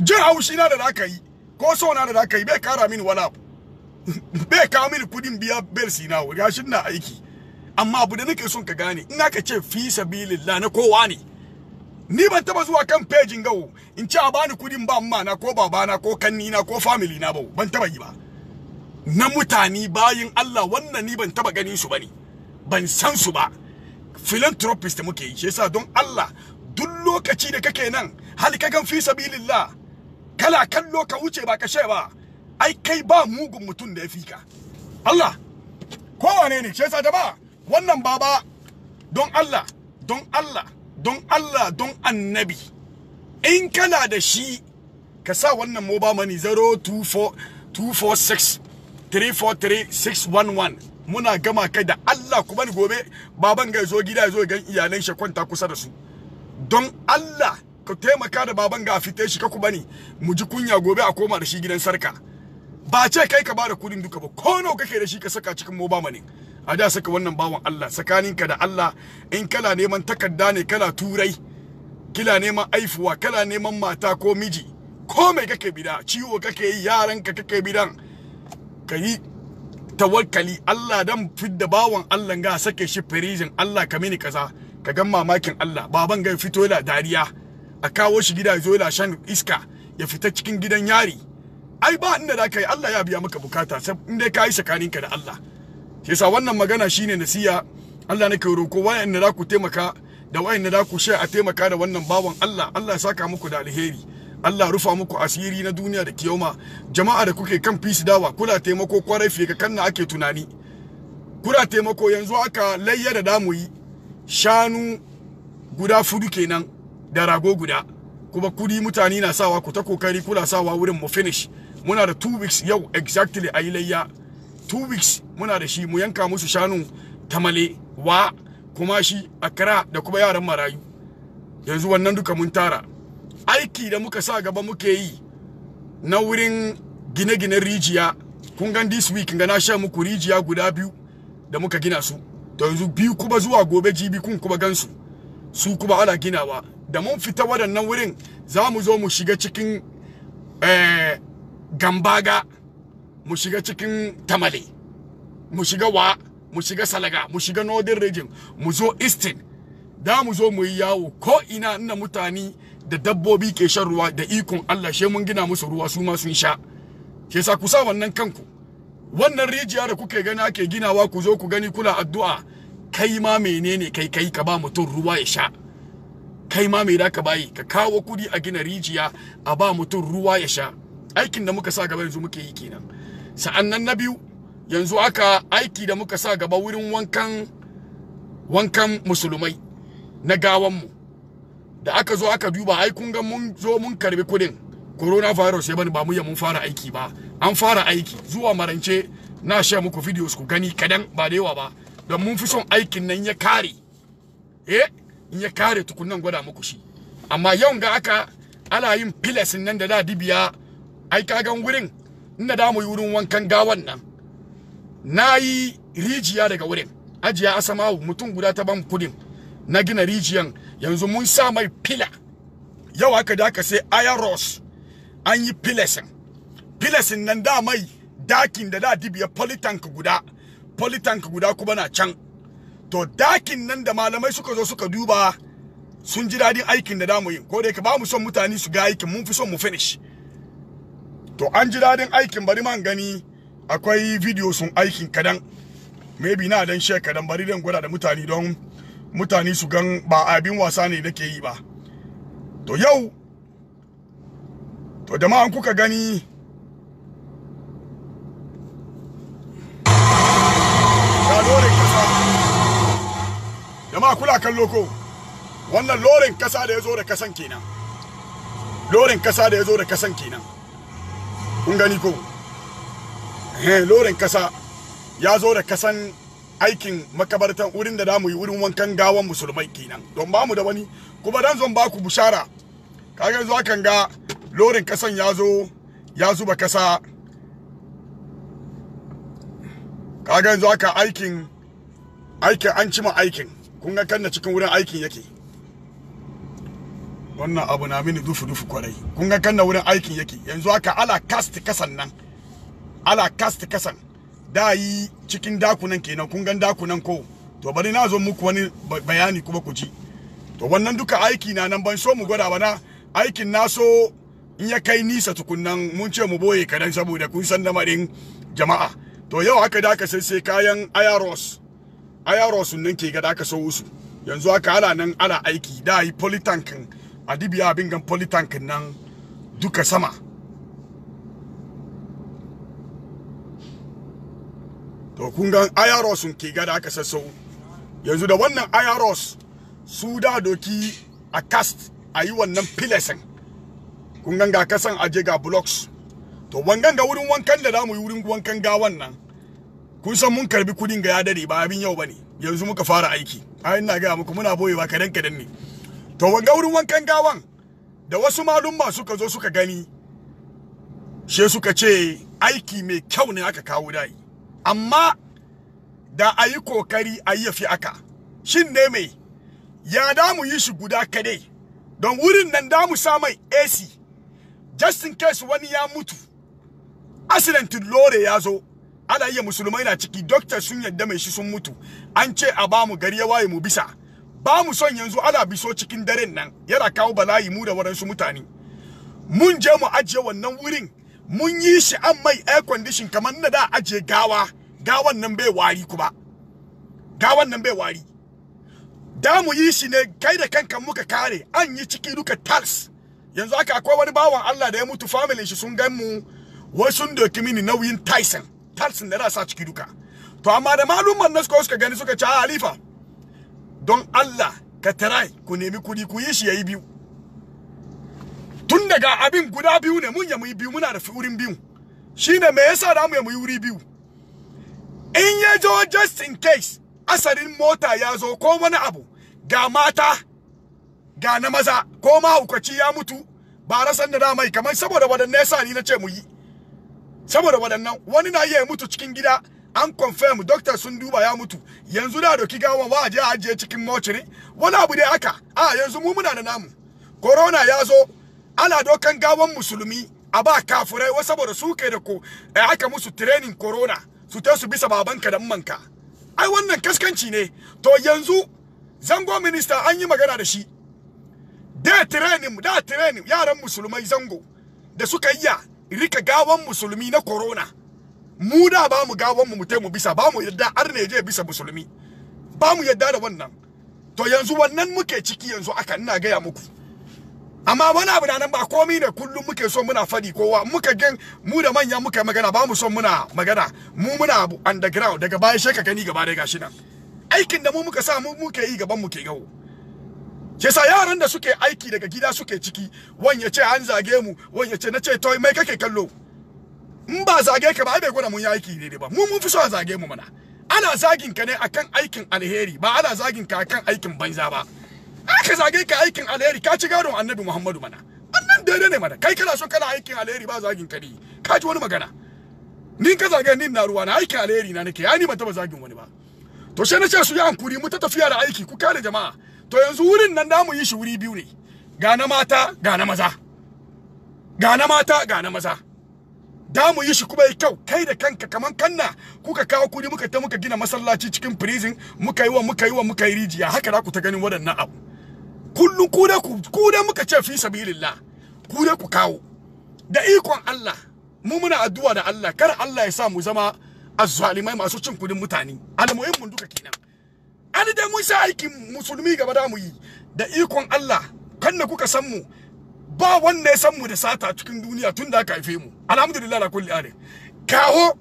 jin haushi na da zaka yi ko so na da zaka yi bai kara min wala bu bai kawo min kudin biya bel na gashin na aiki amma abu da nake son ka gane in aka ce fi sabilillah na kowa ne ni ban taba zuwa kan pejin gawo in ci a bani kudin ba amma na ko babana ko kanni na ko family na ba ban taba yi ba na mutane bayin Allah wannan ni ban taba ganin su bane ban san su ba philanthropist muke yi yasa don Allah duk lokaci da kake nan hali ka gan fi sabilillah kala kallo ka wuce ba ka she ba ai kai ba mugun mutum da ya ka. Allah wane ne yasa da ba wannan baba don Allah don Allah don Allah don annabi in kana da shi ka sa wannan mobile money 0246343611 muna gama kai da Allah kuma ni gobe baban ga zo gida zo gan iyalan shi kwanta kusa da su don Allah ka taimaka da baban ga fite shi ka kuma ni mu ji kunya gobe a koma da shi gidan sarka ba ce kai ka bada kudin duka ba ko nawa kake da shi ka saka cikin mobile money a da saka wannan bawan Allah tsakaninka da Allah in kala neman takarda ne kala turai kila neman aifuwa kala neman mata ko miji ko mai kake bida ciwo kake yi yaranka kake bidan ka yi tawakkali Allah dan fidda bawan Allah ga sake shi firizin Allah ka mini kaza ka gan mamakin Allah baban ga fito la dariya a kawo shi gida zo la shan iska ya fita cikin gidan yari ai ba inda za ka yi Allah ya biya maka bukata in dai ka yi tsakaninka da Allah shi yasa wannan magana shine nasiya Allah nake roko wayanda za ku taimaka da wayanda za ku sha a taimaka da wannan bawan Allah Allah ya saka muku da alheri Allah rufa muku asiri na duniya da kiyoma jama'a da kuke kan fisi dawa kula taimako kwarai fiye ka kanna ake tunani kula taimako yanzu aka layya da damu yi shanu guda fudu kenan da rago guda kuma kudi mutane na sawa ku ta kokari kula sawa wurin mu finish muna da 2 weeks yau exactly ayi layya two weeks muna da shi mu yanka musu shanu tamale wa kuma shi akara da kuma yaran marayu yanzu wannan duka mun tara aiki da muka sa gaba muke yi na wurin gine-ginen rijiya kun gan this week ga na sha muku rijiya guda biyu da muka gina su to yanzu biyu kuma zuwa gobe jibi kun kuma gansu su kuma ana ginawa da mun fita waɗannan wurin za mu zo mu shiga cikin eh, gambaga mu shiga cikin tamale mu shiga wa mu shiga salaga mu shiga northern region mu zo eastern da mu zo mu yi yawo ko ina ina mutane da dabbobi ke shan ruwa da ikon Allah she mun gina musu ruwa su ma sun sha ke sa ku sa wannan kanku wannan rijiya da kuke gani ake ginawa ku zo ku gani kula addu'a kai ma menene kai kai ka ba mutum ruwa ya sha kai ma me da ka bayi ka kawo kudi a gina rijiya a ba mutum ruwa ya sha aikin da muka sa gaba yanzu muke yi kenan sa'annan na biyu yanzu aka aiki da muka sa gaba wurin wankan wankan musulmai na gawanmu da aka zo aka duba ai kun ga mun zo mun karbi kudin virus ya bani ba mu ya mun fara aiki ba an fara aiki zuwa marance na sha muku videos ku gani kadan ba da yawa ba don mun fi son aikin nan ya kare eh in ya kare tukunnan gwada muku shi amma yau ga aka ana yin filas nan da da dibiya ai ka gan wurin ina da mu yi wurin wankan gawan nan na yi rijiya daga wurin ajiya asamawu mutum guda ta ban kudin na gina rijiyan yanzu mun sa mai pila. yau aka da aka sai ayaros an yi pilasin pilasin nan da mai dakin da da dibiya politank guda politank guda kuma na can to dakin nan da malamai suka zo suka duba sun ji dadin aikin da damu yi ko da yake ba mu son mutane su ga aikin mun fi son mu finish to an ji dadin aikin bari man gani akwai video sun aikin kadan maybe na dan share kadan bari dan gwada da mutane don mutane su gan ba abin wasa ne nake yi ba to yau to an kuka gani ga lorin kasa jama'a kula kan loko. wannan lorin kasa da ya zo da kasan kenan lorin kasa da ya zo da kasan kenan kun gani ko eh, loren kasa ya zo da kasan aikin makabartan wurin da damu yi wurin wankan gawan musulmai kenan don ba mu da wani kuma dan zon ba ku bushara kaga zuwa kan ga lorin kasan ya zo ya zuba kasa kaga zuwa haka aikin aikin an cima aikin kun ga kan cikin wurin aikin yake wannan abu na mini dufu dufu kwarai kun ga kan na wurin aikin yake yanzu haka ala cast kasan nan ala cast kasan da yi cikin dakunan kenan kun ga dakunan ko to bari na zo muku wani bayani kuma ku ji to wannan duka aiki na nan ban so mu gwada bana aikin na so in ya kai nisa tukunnan mun ce mu boye kadan saboda kun san marin jama'a to yau haka da ka sai sai kayan ayaros ayaros nan ke ga da ka so wusu yanzu haka ala nan ala aiki da yi politankin a abin gan politank nan duka sama to kun gan ayaros sun ke gada aka sassau yanzu da wannan ayaros su da doki a cast a yi wannan filesin kun ga ga kasan aje ga blocks to wangan ga wurin wankan da zamu yi wurin wankan ga wannan kun san mun karbi kudin ga ya dare ba abin yau bane yanzu muka fara aiki ayin ina ga muku muna boyewa kadan kadan ne to wanga wurin wankan gawan da wasu malumma suka zo suka gani she suka ce aiki mai kyau ne aka kawo dai amma da ayi kokari ayi yafi aka shin ne mai ya damu yi shi guda kadai don wurin nan damu mai AC just in case wani ya mutu accident lore ya zo ana iya musulmai na ciki doctor sun yadda mai shi sun mutu an ce a bamu gari ya waye mu bisa ba mu son yanzu ana biso cikin daren nan yana kawo bala'i mu da waɗansu mutane mun je mu ajiye wannan wurin mun yi shi an mai air condition kamar na da ajiye gawa gawan nan bai wari kuma gawan nan bai wari da mu yi shi ne kai da kanka muka kare an yi ciki duka tals yanzu haka akwai wani bawan Allah da ya mutu family shi sun gan mu wai sun doki mini nauyin Tyson tax da na sa ciki duka to amma da malumman nasko suka gani suka ci ah, Halifa don Allah ka tarai ku nemi kudi ku yi shi yayi biyu tun daga abin guda biyu ne mun ya muyi biyu muna da wurin biyu shine me yasa da mu ya muyi wuri biyu in ya zo just in case asarin mota ya zo ko wani abu ga mata ga na maza ko ma hukaci ya mutu ba rasan da mai kamar saboda wadannan yasa ni na ce mu yi saboda wadannan wani na iya mutu cikin gida an confirm doctor sun duba ya mutu yanzu da doki gawa wa je a je cikin mortuary wani abu dai haka a yanzu mu muna da namu corona ya zo ana dokan gawan musulmi a ba kafurai wasu saboda su kai da ko eh, aka musu training corona su ta su bisa babanka da manka ai wannan kaskanci ne to yanzu zango minister an yi magana da shi da training da training yaran musulmai zango da suka yi rika gawan musulmi na corona mu da ba mu gawan mu mutai mu bisa ba mu yadda har ne je bisa musulmi ba mu yadda da wannan to yanzu wannan muke ciki yanzu aka ina gaya muku amma wani abu nan ba komai ne kullum muke so muna fadi kowa muka gan mu da manya muka magana ba mu so muna magana mu muna abu underground daga baya shaka gani gaba da gashi nan aikin da mu muka sa mu muke yi gaban mu ke gawo yasa yaran da suke aiki daga gida suke ciki wani ya ce an zage mu wani ya ce na ce to mai kake kallo in ba zage ka ba bai gwada mun yi aiki daidai ba mu mun fi so a zage mu mana ana zagin ka ne akan aikin alheri ba ana zagin ka akan aikin banza ba aka zage ka aikin alheri ka ci gadon annabi muhammadu mana wannan daidai ne mana kai kana so kana aikin alheri ba zagin ka ne ka ji wani magana ni ka zage ni na ruwa na aikin alheri na nake ya ni taba zagin wani ba to sai na ce su yi hankuri mu ta tafiya da aiki ku kare jama'a to yanzu wurin nan mu yi shi wuri biyu ne ga na mata ga na maza ga na mata ga na maza da mu yi shi kuma yi kyau kai da kanka kaman kanna kuka kawo kudi muka ta muka gina masallaci cikin prison muka yi wa muka yi wa muka yi rijiya haka za ku ta ganin waɗannan abu kullum ku da ku ku da muka ce fi sabilillah ku da ku kawo da ikon Allah mu muna addu'a da Allah kar Allah ya sa mu zama azzalimai masu cin kudin mutane almuhim mun duka kenan an dai mun sa aikin musulmi gaba da mu yi da ikon Allah kanna kuka san mu ba wanda ya san mu da sata cikin duniya tun da aka haife mu alhamdulillah la kulli alin kawo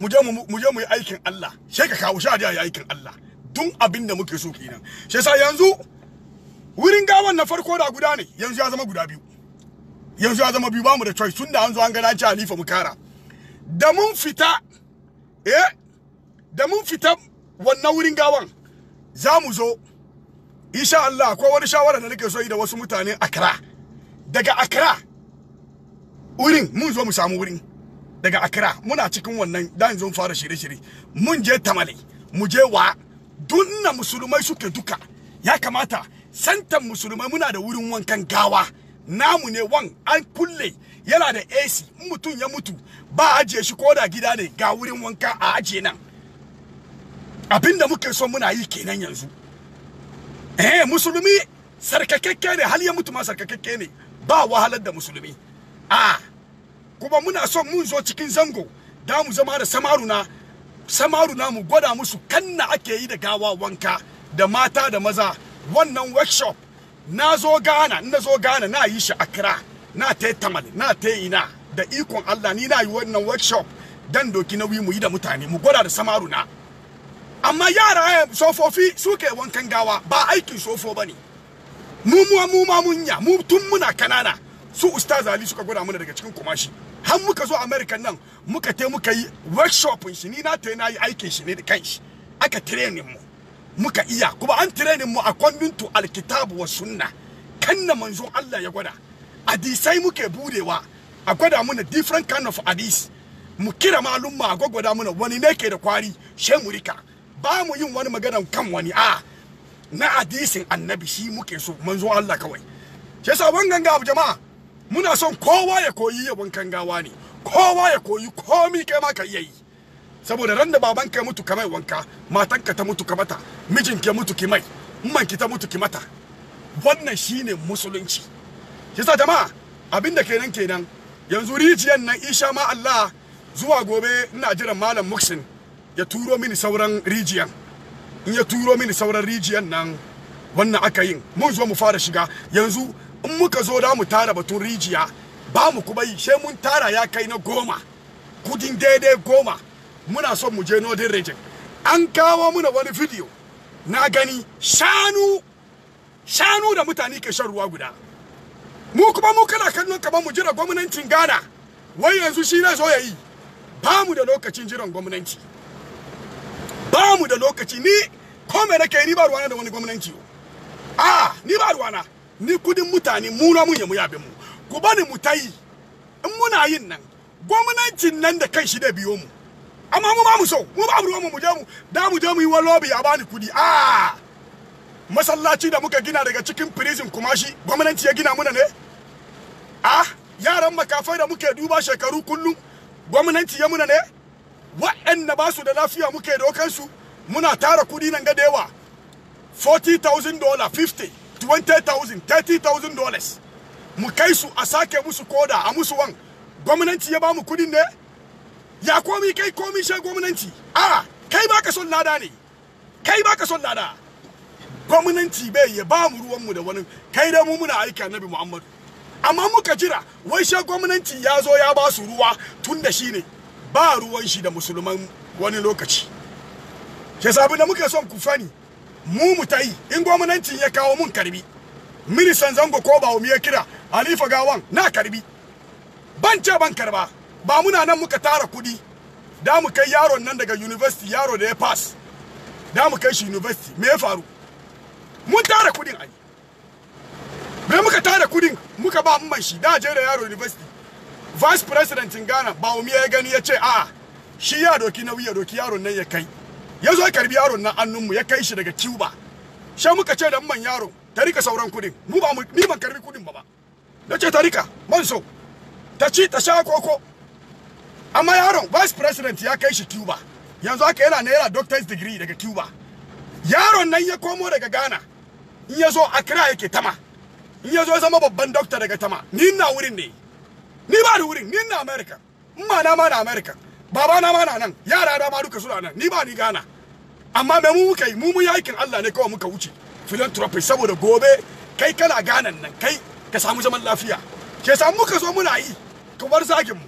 mu je mu je mu yi aikin Allah sai ka kawo sha ya aikin Allah dun abin da muke so kenan shi yasa yanzu wurin gawan na farko da guda ne yanzu ya zama guda biyu yanzu ya zama biyu bamu da choice tunda an zo an ga na ci Halifa mu kara da mun fita eh da mun fita wannan wurin gawan za mu zo insha Allah akwai wani shawara da nake so yi da wasu mutane a daga Accra wurin mun zo mu samu wurin daga akra muna cikin wannan dan zo fara shirye-shirye mun je Tamale mu je wa dunna musulmai suke duka ya kamata santan musulmai muna da wurin wankan gawa namu ne wan an kulle yana da AC mutum ya mutu ba ajiye shi ko da gida ne ga wurin wanka a ajiye nan abinda muke so muna yi kenan yanzu eh musulmi sarkakakke ne hal ya mutu ma sarkakakke ne ba wahalar da musulmi a kuma muna son mun zo cikin zango da mu zama da samaruna samaruna mu gwada musu kanna ake yi da gawa wanka da mata da maza wannan workshop na zo gana na zo gana na yi shi akra na ta tamal na ta ina da ikon Allah ni na yi wannan workshop dan doki nauyi mu yi da mutane mu gwada da samaruna amma yara eh, sofofi suke wankan gawa ba aikin sofo bane mu muwa mu ma mun ya mu tun muna kanana su ustaz ali suka gwada mana daga cikin kumashi har muka zo america nan muka te muka yi workshop shi ni na na yi aikin shi ne da kanshi aka training mu muka iya kuma an training mu according to alkitabu wa sunna kanna manzo Allah ya gwada hadisai muke budewa a gwada mana different kind of hadis mu kira malumma a gwagwada mana wani ne ke da kwari shemurika ba mu yin wani maganan kan wani a na hadisin annabi shi muke so manzo Allah kawai shi yasa ganga ga jama'a muna son kowa ya koyi yabon kangawa ne kowa ya koyi komi kai ma ka iya yi saboda ran da baban ka mutu kamai wanka matanka ta mutu kamata mijin ke mutu ki mai man ki ta mutu ki mata wannan shine musulunci shi sa jama'a abinda kenan kenan yanzu rijiyan nan isha ma Allah zuwa gobe ina jiran malam Muksin ya turo mini sauran rijiyan in ya turo mini sauran rijiyar nan wannan aka yin mun zo mu fara shiga yanzu in muka zo da mu tara batun rijiya ba mu kuma yi sai mun tara ya kai na goma kudin daidai goma muna son mu je northern region an kawo muna wani video na gani shanu shanu da mutane ke shan ruwa guda mu kuma mu kana kallon kamar mu jira gwamnatin gana wai yanzu shi na zo yayi ba mu da lokacin jiran gwamnati ba mu da lokaci ni ko me nake ni ba ruwana da wani gwamnati a ni ba ruwana ni kudin mutane mu na mun yamu yabe mu ku bani mu tai in muna yin nan gwamnatin nan da kanshi da biyo mu amma mu ba mu so mu ba ruwanmu mu je mu da mu je mu yi wa lobby a bani kudi a masallaci da muka gina daga cikin prison kuma shi gwamnati ya gina muna ne a yaran makafai da muke duba shekaru kullum gwamnati ya muna ne waɗanda ba su da lafiya muke da su muna tara kudi nan ga da yawa 40,000 dollars 50 20,000 30,000 dollars mu kai su a sake musu koda a musu wan gwamnati ya ba mu kudin ne ya komi kai komi shi gwamnati a kai ba ka son lada ne kai ba ka son lada gwamnati bai ya ba mu ruwanmu da wani kai da mu muna aika annabi muhammadu amma muka jira wai shi gwamnati ya zo ya ba su ruwa tun da shi ne ba ruwan shi da musulman wani lokaci ke sabu da muke son ku fani mu mu ta yi in gwamnatin ya kawo mun karbi minisan zango ko ba ya kira alifa gawan na karbi ban ce ban karba ba muna nan muka tara kudi da mu kai yaron nan daga university yaro da ya pass da mu kai shi university me ya faru mun tara kudin ai me muka tara kudin muka ba mun shi da je da yaro university vice president in Ghana ba ya gani ya ce a'a ah, shi ya doki nauyi ya doki yaron nan ya kai ya zo ya karbi yaron nan annun mu ya kai shi daga Cuba sha muka ce da man yaro ta rika sauran kudin mu ba mu ni ban karbi kudin ba ba na ce ta man so ta ci ta sha koko amma yaron vice president ya kai shi Cuba yanzu haka yana naira doctor's degree daga Cuba yaron nan ya komo daga Ghana in ya zo Accra yake tama in ya zo zama babban doctor daga tama ni ina wurin ne ni ba da wurin ni na america ma na ma na america baba na ma na nan yara na ma duka suna nan ni ba ni gana amma me mu muka yi mu mun yakin Allah ne kawai muka wuce philanthropy saboda gobe kai kana gana nan kai ka samu zaman lafiya ke samu muka zo muna yi ku bar zagin mu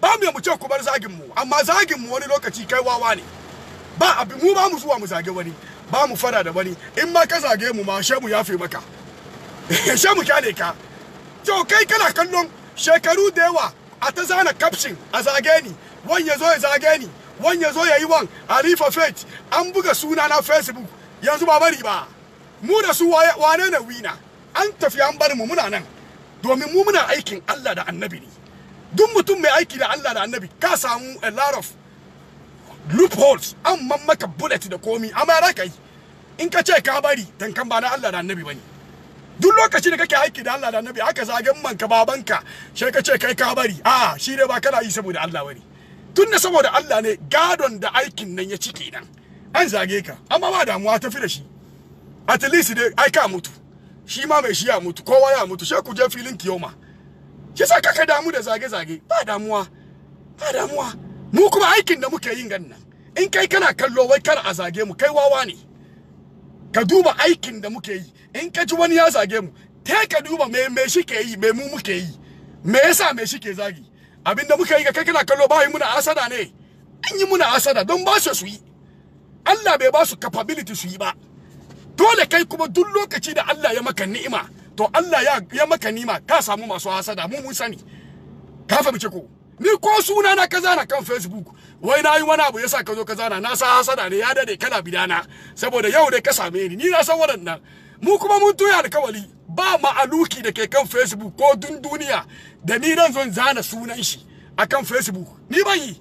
ba mu mu ce ku bar zagin mu amma zagin mu wani lokaci kai wawa ne ba abin mu ba mu zuwa mu zage wani ba mu fara da wani in ma ka zage mu ma shemu yafe maka shemu kyale ka to kai kana kallon shekaru da yawa a ta zana caption a zage ni wani ya zo ya zage ni wani ya zo ya yi wan a rifa fet an buga suna na facebook yanzu ba bari ba mu da su wane na wina an tafi an bari mu muna nan domin mu muna aikin Allah da annabi ne duk mutum mai aiki da Allah da annabi ka samu a lot of loopholes an mamaka bullet da komi amma ra kai in ka ce ka bari dan kan ba na Allah da annabi bane duk lokacin da kake aiki da Allah da Annabi haka zagen manka babanka sai ka ce kai ka bari a shi dai ba kana yi saboda Allah bane tun da saboda Allah ne gadon da aikin nan ya cike nan an zage ka amma ba damuwa tafi da shi at least dai ai ka mutu shi ma mai shi ya mutu kowa ya mutu sai ku je filin kiyoma shi sa kaka damu da zage zage ba damuwa ba damuwa mu kuma aikin da muke yin gannan in kai kana kallo wai kar a zage mu kai wawa ne ka duba aikin da muke yi in ka ji wani ya zage mu te ka duba me me shi yi me mu muke yi me yasa me shi ke zagi abin da muka yi ga kai kana kallo ba yi muna asada ne an yi muna asada don ba su su yi Allah bai ba su capability su yi ba dole kai kuma duk lokaci da Allah ya maka ni'ima to Allah ya, ya maka ni'ima ka samu masu asada mu mun sani ka ce ko ni ko suna na kaza na kan Facebook wai na yi wani abu yasa ka zo ka zana na sa hasada ne ya dade kana bidana saboda yau dai ka same ni ni na san waɗannan mu kuma mun tuya alkawali ba ma'aluki da ke kan facebook ko dun duniya da ni nan zon zana sunan shi akan facebook ni ban yi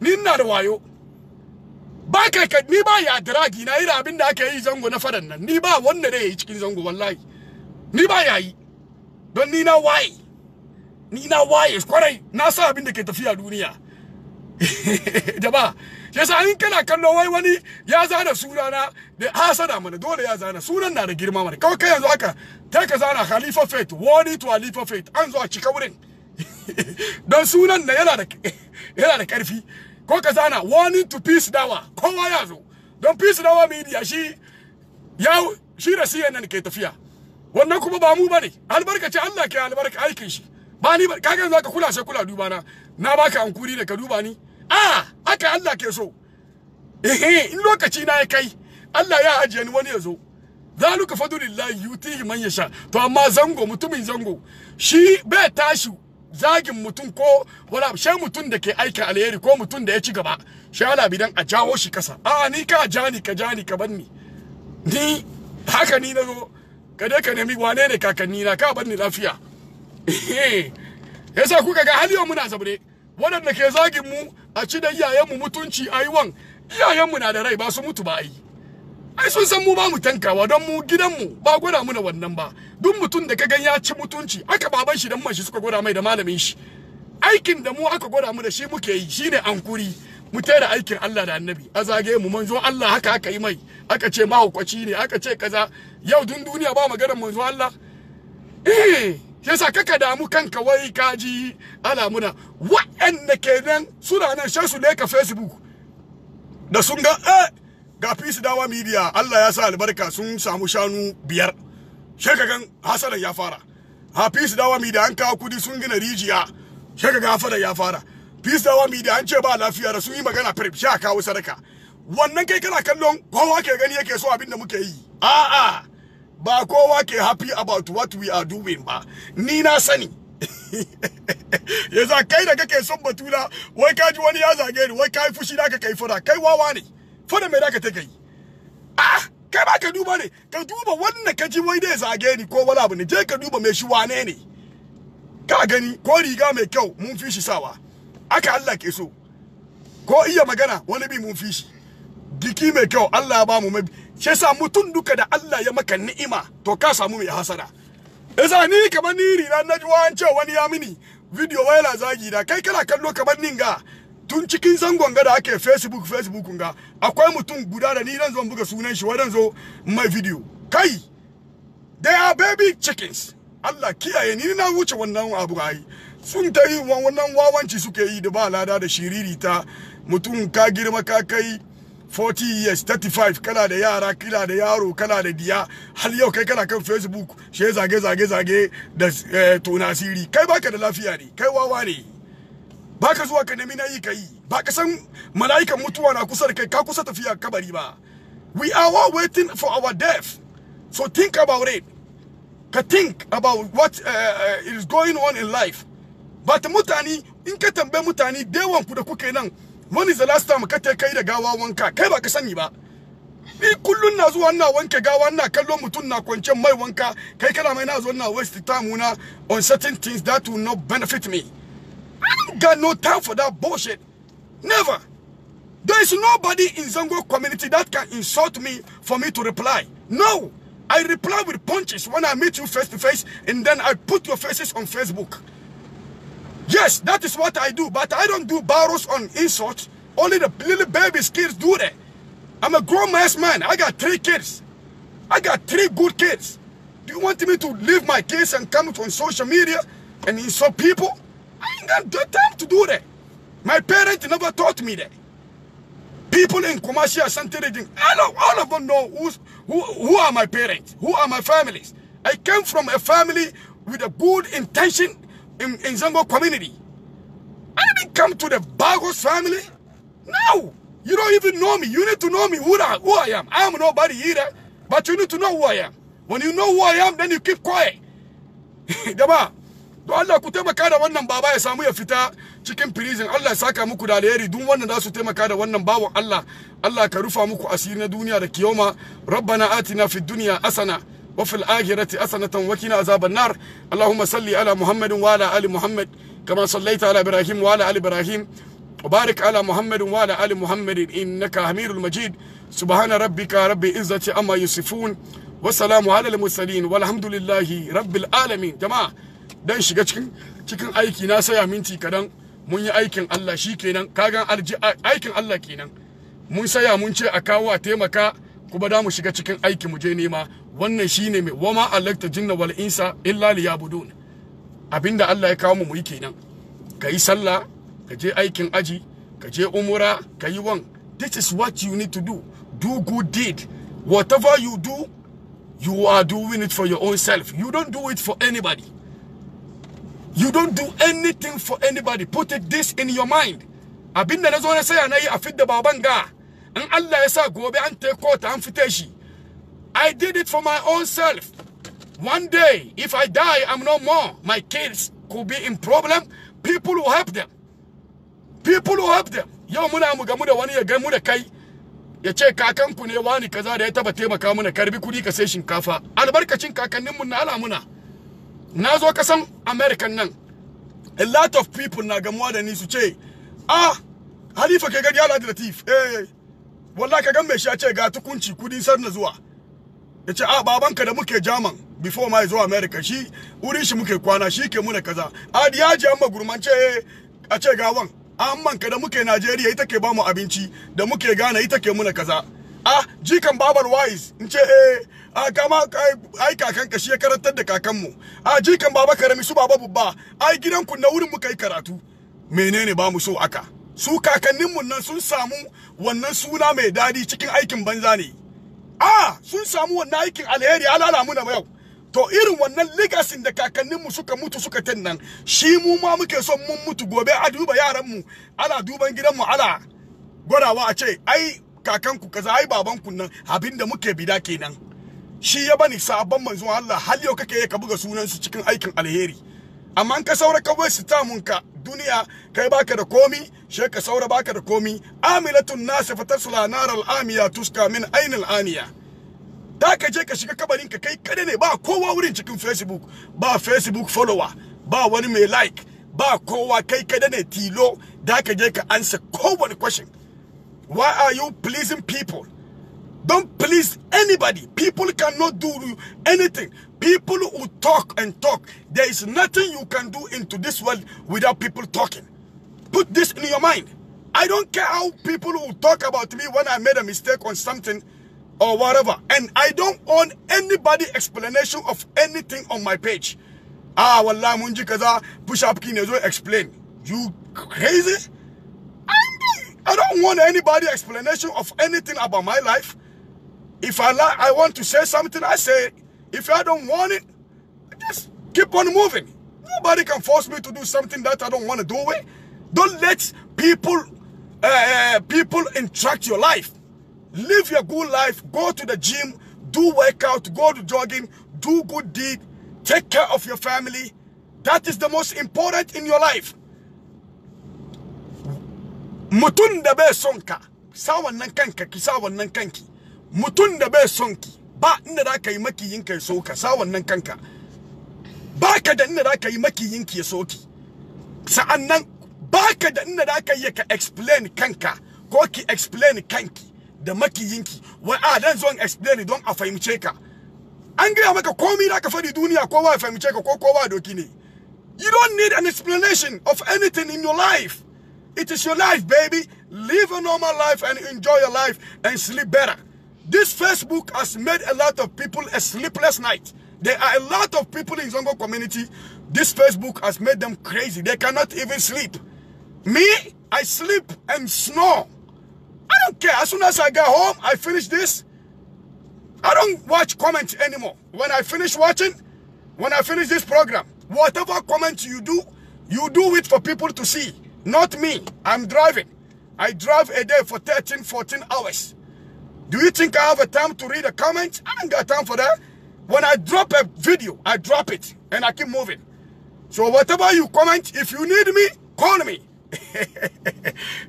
ni na da wayo ba kai ka ni ba ya dragi na ira abin da aka yi zango na fadan nan ni ba wanda da yi cikin zango wallahi ni ba ya yi don ni na waye ni na waye kwarai na sa abin da ke tafiya duniya ya sa in kana kallo wai wani ya zana sunana da hasada mana dole ya zana sunan na da girma mana kawai kai yanzu haka ta ka zana khalifa fate wani to khalifa fate an zo a cika wurin don sunan na yana da yana da karfi ko ka zana wani to peace dawa kowa ya zo don peace dawa media shi ya shi da CNN ke tafiya wannan kuma ba mu bane albarkaci Allah ke albarka aikin shi ba ni ba kaga yanzu haka kula sai kula duba na na baka hankuri da ka duba ni a haka Allah ke so eh in lokaci na ya kai Allah ya ajiye ni wani ya zo zalika fadlillahi yutihi man yasha to amma zango mutumin zango shi bai tashi zagin mutum ko wala shi mutum da ke aika alheri ko mutum da ya ci gaba shi ala bidan a jawo shi kasa a ni ka jani ka jani ka banni ni haka ni na zo ka dai ka nemi wane ne kakanni na ka banni lafiya yasa kuka ga har yau muna zabre waɗanda ke zagin mu a ci da iyayenmu mutunci a yi wan iyayenmu na da rai ba su mutu ba yi ai sun san mu ba mu tankawa don mu gidanmu ba gwada mu wannan ba duk mutum da ka gan ya ci mutunci aka baban shi dan shi suka gwada mai da malamin shi aikin da mu aka gwada mu da shi muke yi shine ankuri mu tare aikin Allah da Annabi a zagaye mu manzo Allah haka aka yi mai aka ce mahaukaci ne aka ce kaza yau dun duniya ba maganar manzo Allah eh yasa kaka damu kanka wai kaji alamuna wa'anda kenan suna nan shan su ka facebook da sun ga eh ga peace dawa media Allah ya sa albarka sun samu shanu biyar shekagan hasalan ya fara ha peace dawa media an kawo kudi sun gina rijiya shekagan hasalan ya fara peace dawa media an ce ba lafiya da sun yi magana prep sha kawo sadaka wannan kai kana kallon kowa ke gani yake so abin da muke yi a'a ba kowa ke happy about what we are doing ba ni na sani yasa kai da kake son batula wai ka ji wani ya zage ni wai kai fushi da ka kai fada kai wawa ne fura me da ka ta kai ah kai ba ka duba ne ka duba wannan ka ji wai dai zage ni ko wala ne je ka duba me shi wane ne ka gani ko riga mai kyau mun fi shi sawa aka Allah ke so ko iya magana wani bi mun fi shi jiki mai kyau Allah ya ba mu mabi shi yasa mutum duka da Allah ya maka ni'ima to ka samu mai hasara yasa ni kamar ni rina na ji wani wani ya mini video wayla zagi da kai kana kallo kamar nin ga. tun cikin zangon ga da ake facebook facebook ga akwai mutum guda da ni dan zo buga sunan shi wadan zo mai video kai they are baby chickens Allah kiyaye ni na wuce wannan abu ai sun ta yi wannan wawanci suke yi da ba lada da shiriri ta mutum ka girma ka kai 40 years 35 kana da yara kana da yaro kana da diya har yau kai kana kan facebook she zage zage zage da eh, tona siri kai baka da lafiya ne kai wawa ne baka zuwa ka nemi nayi kai baka san mala'ikan mutuwa na kusa da kai ka kusa tafiya kabari ba we are all waiting for our death so think about it ka think about what uh, is going on in life but mutane in ka tambaye mutane dewan ku da kuke nan when is the last time ka te kai da gawa wanka kai ba ka sani ba ni kullun na zuwa ina wanke gawa ina kallo na kwance mai wanka kai kana mai na zo ina waste time on certain things that will not benefit me I don't got no time for that bullshit never there is nobody in Zango community that can insult me for me to reply no I reply with punches when I meet you face to face and then I put your faces on Facebook Yes, that is what I do, but I don't do barrels on insults. Only the little baby kids do that. I'm a grown-ass man. I got three kids. I got three good kids. Do you want me to leave my kids and come on social media and insult people? I ain't got time to do that. My parents never taught me that. People in Kumasi are something. I know all of them know who's, who, who are my parents, who are my families. I came from a family with a good intention in, in Zango community. I didn't come to the Bagos family. No, you don't even know me. You need to know me who I, who I am. I am nobody either, but you need to know who I am. When you know who I am, then you keep quiet. Daba, to Allah ku taimaka da wannan baba ya samu ya fita cikin prison. Allah ya saka muku da alheri duk wannan da su taimaka da wannan bawo Allah. Allah ka rufa muku asiri na duniya da kiyoma. Rabbana atina fid dunya asana. وفي الآخرة حسنة وقنا عذاب النار اللهم صل على محمد وعلى آل محمد كما صليت على إبراهيم وعلى آل إبراهيم وبارك على محمد وعلى آل محمد إنك حميد المجيد سبحان ربك رب العزة عما يصفون والسلام على المرسلين والحمد لله رب العالمين جماعة dan shiga cikin cikin aiki na saya minti kadan mun yi aikin Allah shikenan kagan aikin Allah kenan mun saya mun ce a kawo a taimaka kuma da mu shiga cikin aiki mu je nema wannan shi shine mai wama alakta jinna wal insa illa yabudun abinda Allah ya kawo mu yi kenan ka yi sallah ka je aikin aji ka je umura ka yi wan this is what you need to do do good deed whatever you do you are doing it for your own self you don't do it for anybody you don't do anything for anybody put it this in your mind abinda na zo na saya na yi a fidda baban ga in Allah ya sa gobe an ta kota an fite shi I did it for my own self. One day, if I die, I'm no more. My kids could be in problem. People will help them. People will help them. Yau muna mu gamu da wani ya gamu da kai ya ce kakanku ne wani kaza da ya taba taimaka mana karbi kudi ka sai shinkafa. Albarkacin kakanninmu na alamuna. Na zo kasan American nan. A lot of people na gamuwa da ni su ce, ah, Halifa ke ala Alhaji Latif, eh, wallahi ka gan mai shi ya ce ga tukunci kudi sar na zuwa. ya ce a babanka da muke jaman before ma zuwa america shi wurin shi muke kwana shi ke muna kaza adi ya ji an magurmance eh, a ce gawan amman ka da muke najeriya ita ke bamu abinci da muke gane ita ke muna kaza a jikan babar wise in ce eh, a kama ai kakan ka shi ya karantar da kakanmu a jikan baba karami su baba bubba ai gidan ku na wurin muka yi karatu menene ba mu so aka su kakanninmu nan sun samu wannan suna mai dadi cikin aikin banza ne a sun samu wannan aikin alheri alala mu na yau to irin wannan ligasin da kakanninmu suka mutu suka tin nan shi mu ma muke son mun mutu gobe a duba yaranmu ala duban gidanmu ala gwadawa a ce ai kakanku kaza ai babanku nan abinda muke bida kenan shi ya bani sabon manzo Allah har yau kake ka buga sunan su cikin aikin alheri amma in ka saura kawai su ta mun ka duniya kai baka da komi sheka saura baka da komi amilatun nasifa tasla naral amiya tuska min ainil aniya ta ka je ka shiga kabarin ka kai kada ne ba kowa wurin cikin facebook ba facebook follower ba wani mai like ba kowa kai kada ne tilo da ka je ka ansa kowane question why are you pleasing people Don't please anybody. People cannot do anything. People who talk and talk. There is nothing you can do into this world without people talking. Put this in your mind. I don't care how people will talk about me when I made a mistake on something or whatever. And I don't own anybody explanation of anything on my page. Ah, wallah, munji kaza, push up kinezo, explain. You crazy? I don't want anybody explanation of anything about my life. If I like, I want to say something, I say it. If I don't want it, just keep on moving. Nobody can force me to do something that I don't want to do it. Don't let people, uh, uh people interact your life. Live your good life. Go to the gym. Do workout. Go to jogging. Do good deed. Take care of your family. That is the most important in your life. Mutun da bai son ka, sa wannan kanka ki sa wannan kanki. Mutun da bai son ba inda za ka imaki makiyin ka ya so sa wannan Ba ka da inda za ka yi makiyin ki ya so amma da inda da yi ka explain kanka ko ki explain kanki da makiyinki wai a ah, dan zo explain don a fahimce ka an gaya maka komai da ka faɗi duniya kowa ya fahimce ka ko kowa doki ne you don't need an explanation of anything in your life it is your life baby live a normal life and enjoy your life and sleep better this facebook has made a lot of people a sleepless night there are a lot of people in zongo community this facebook has made them crazy they cannot even sleep me, I sleep and snore. I don't care. As soon as I get home, I finish this. I don't watch comments anymore. When I finish watching, when I finish this program, whatever comments you do, you do it for people to see, not me. I'm driving. I drive a day for 13, 14 hours. Do you think I have a time to read a comment? I don't got time for that. When I drop a video, I drop it and I keep moving. So whatever you comment, if you need me, call me.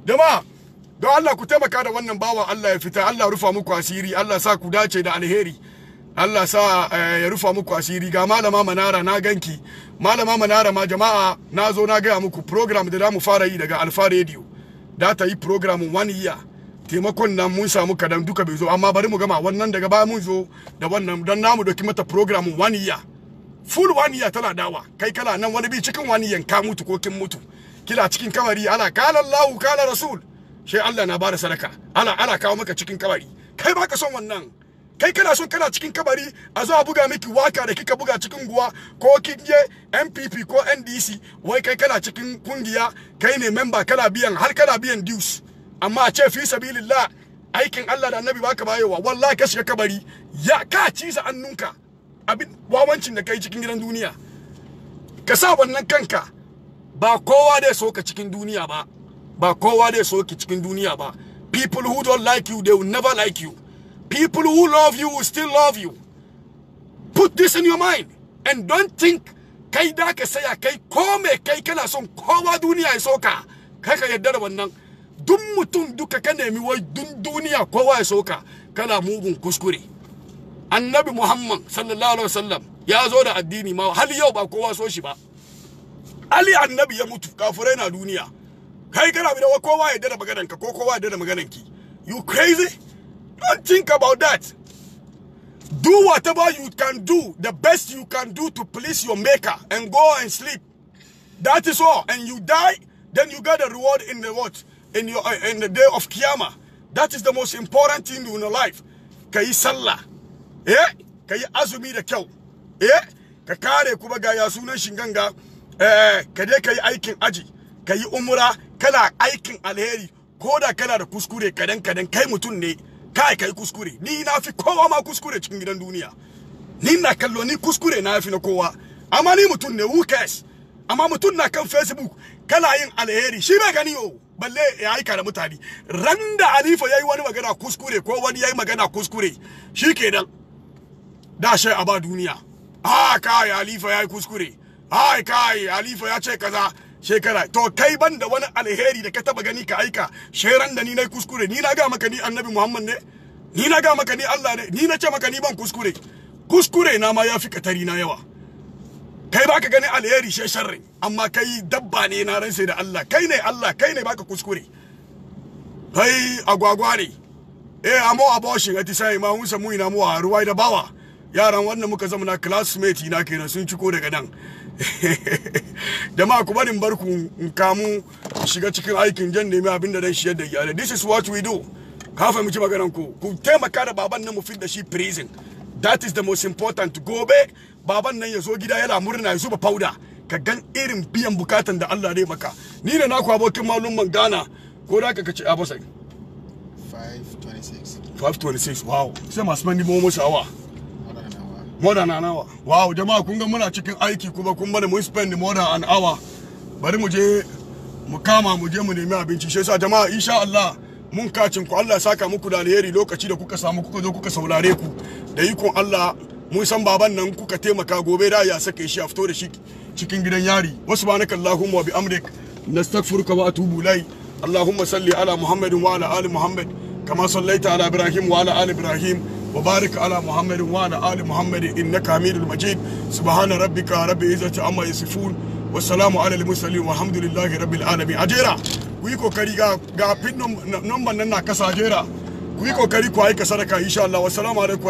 dama don Allah ku taimaka da wannan bawan Allah ya fita Allah rufa muku asiri Allah sa ku dace da alheri Allah sa eh, ya rufa muku asiri ga malama manara na ganki malama manara ma jama'a na zo na gaya muku program da zamu fara yi daga alfa radio da ta yi program one year taimakon nan mun samu kadan duka bai zo amma bari mu gama wannan daga baya mun zo da wannan dan namu doki mata program one year full one year tana dawa kai kana nan wani bi cikin wani ka mutu ko kin mutu kila cikin kabari ana kala Allahu kana Rasul she Allah na bada sadaka ana ana kawo maka cikin kabari kai baka son wannan kai kana son kana cikin kabari a zo a buga miki waka da kika buga cikin guwa ko kin MPP ko NDC wai kai kana cikin kungiya kai ne member kana biyan har kana biyan dues amma a ce fi sabilillah aikin Allah da Annabi baka bayewa wallahi ka shiga kabari ya ka ci sa annunka abin wawancin da kai cikin gidan duniya ka sa wannan kanka ba kowa dai so ka cikin duniya ba ba kowa dai so ki cikin duniya ba people who don't like you they will never like you people who love you will still love you put this in your mind and don't think kai da ka saya kai ko me kai kana son kowa duniya ya soka kai ka yarda da wannan duk mutum duka ka nemi wai dun duniya kowa ya soka kana mugun kuskure annabi muhammad sallallahu alaihi wasallam ya zo da addini ma har yau ba kowa so shi ba ali annabi ya mutu kafirai na duniya kai kana bi da kowa ya da maganar ka ko kowa ya da maganar ki you crazy don't think about that do whatever you can do the best you can do to please your maker and go and sleep that is all and you die then you get a reward in the what in your uh, in the day of Kiyama. that is the most important thing in your life ka sallah eh ka azumi da kyau eh ka kare kuma ga ya sunan shinganga eh ka je ka yi aikin aji ka yi umura kana aikin alheri ko da kana da kuskure kadan kadan kai mutum ne kai kai kuskure ni na fi kowa ma kuskure cikin gidan duniya ni na kallo ni kuskure na fi na kowa amma ni mutum ne wukes amma mutum na kan facebook kana yin alheri shi bai gani o balle ya aika da mutane ran da alifa yayi wani magana kuskure ko wani yayi magana kuskure shikenan da shai a ba duniya ah kai alifa yayi kuskure ai kai halifa ya ce kaza shekara to kai ban da wani alheri da ka taba gani ka aika sheran da ni na kuskure ni na ga maka ni annabi muhammad ne ni na ga maka ni allah ne ni na ce maka ni ban kuskure kuskure na ma ya fi katari na yawa kai baka gani alheri she sharri amma kai dabba ne na ran sai da allah kai ne allah kai ne baka kuskure kai agwagwa ne eh amo aboshin ati sai ma hunsa mu ina mu a ruwai da bawa yaran wannan muka zama na classmate na kenan sun ciko daga nan jama'a ku barin barku in kamu shiga cikin aikin jan nemi abin da dan shiyar da iyalai this is what we do ka fahimci maganan ku ku taimaka da baban nan mu fit da shi prison that is the most important gobe baban nan ya zo gida yana murna ya zuba powder ka gan irin biyan bukatan da Allah ne maka ni ne naku abokin malumman Ghana ko da ka kace abosai 526 526 wow sai masu mani mu musawa more than an hour wow jama'a kun ga muna cikin aiki kuma kun bada mun spend more than an hour bari mu je mu kama mu je mu nemi abinci shi yasa jama'a insha Allah mun kacin ku Allah ya saka muku da alheri lokaci da kuka samu kuka zo kuka saurare ku da ikon Allah mun san baban nan kuka taimaka gobe da ya saka shi a fito da shi cikin gidan yari wasu ba naka Allahumma wa bi amrik nastaghfiruka wa atubu ilai Allahumma salli ala Muhammadin wa ala ali Muhammad كما صليت على إبراهيم وعلى آل إبراهيم وبارك على محمد وعلى آل محمد إنك حميد المجيد سبحان ربك رب العزة عما يصفون والسلام على المرسلين والحمد لله رب العالمين أجيرا ku yi kokari ga ga pin number nan na kasa jera ku yi kokari ku aika sadaka insha Allah wassalamu alaikum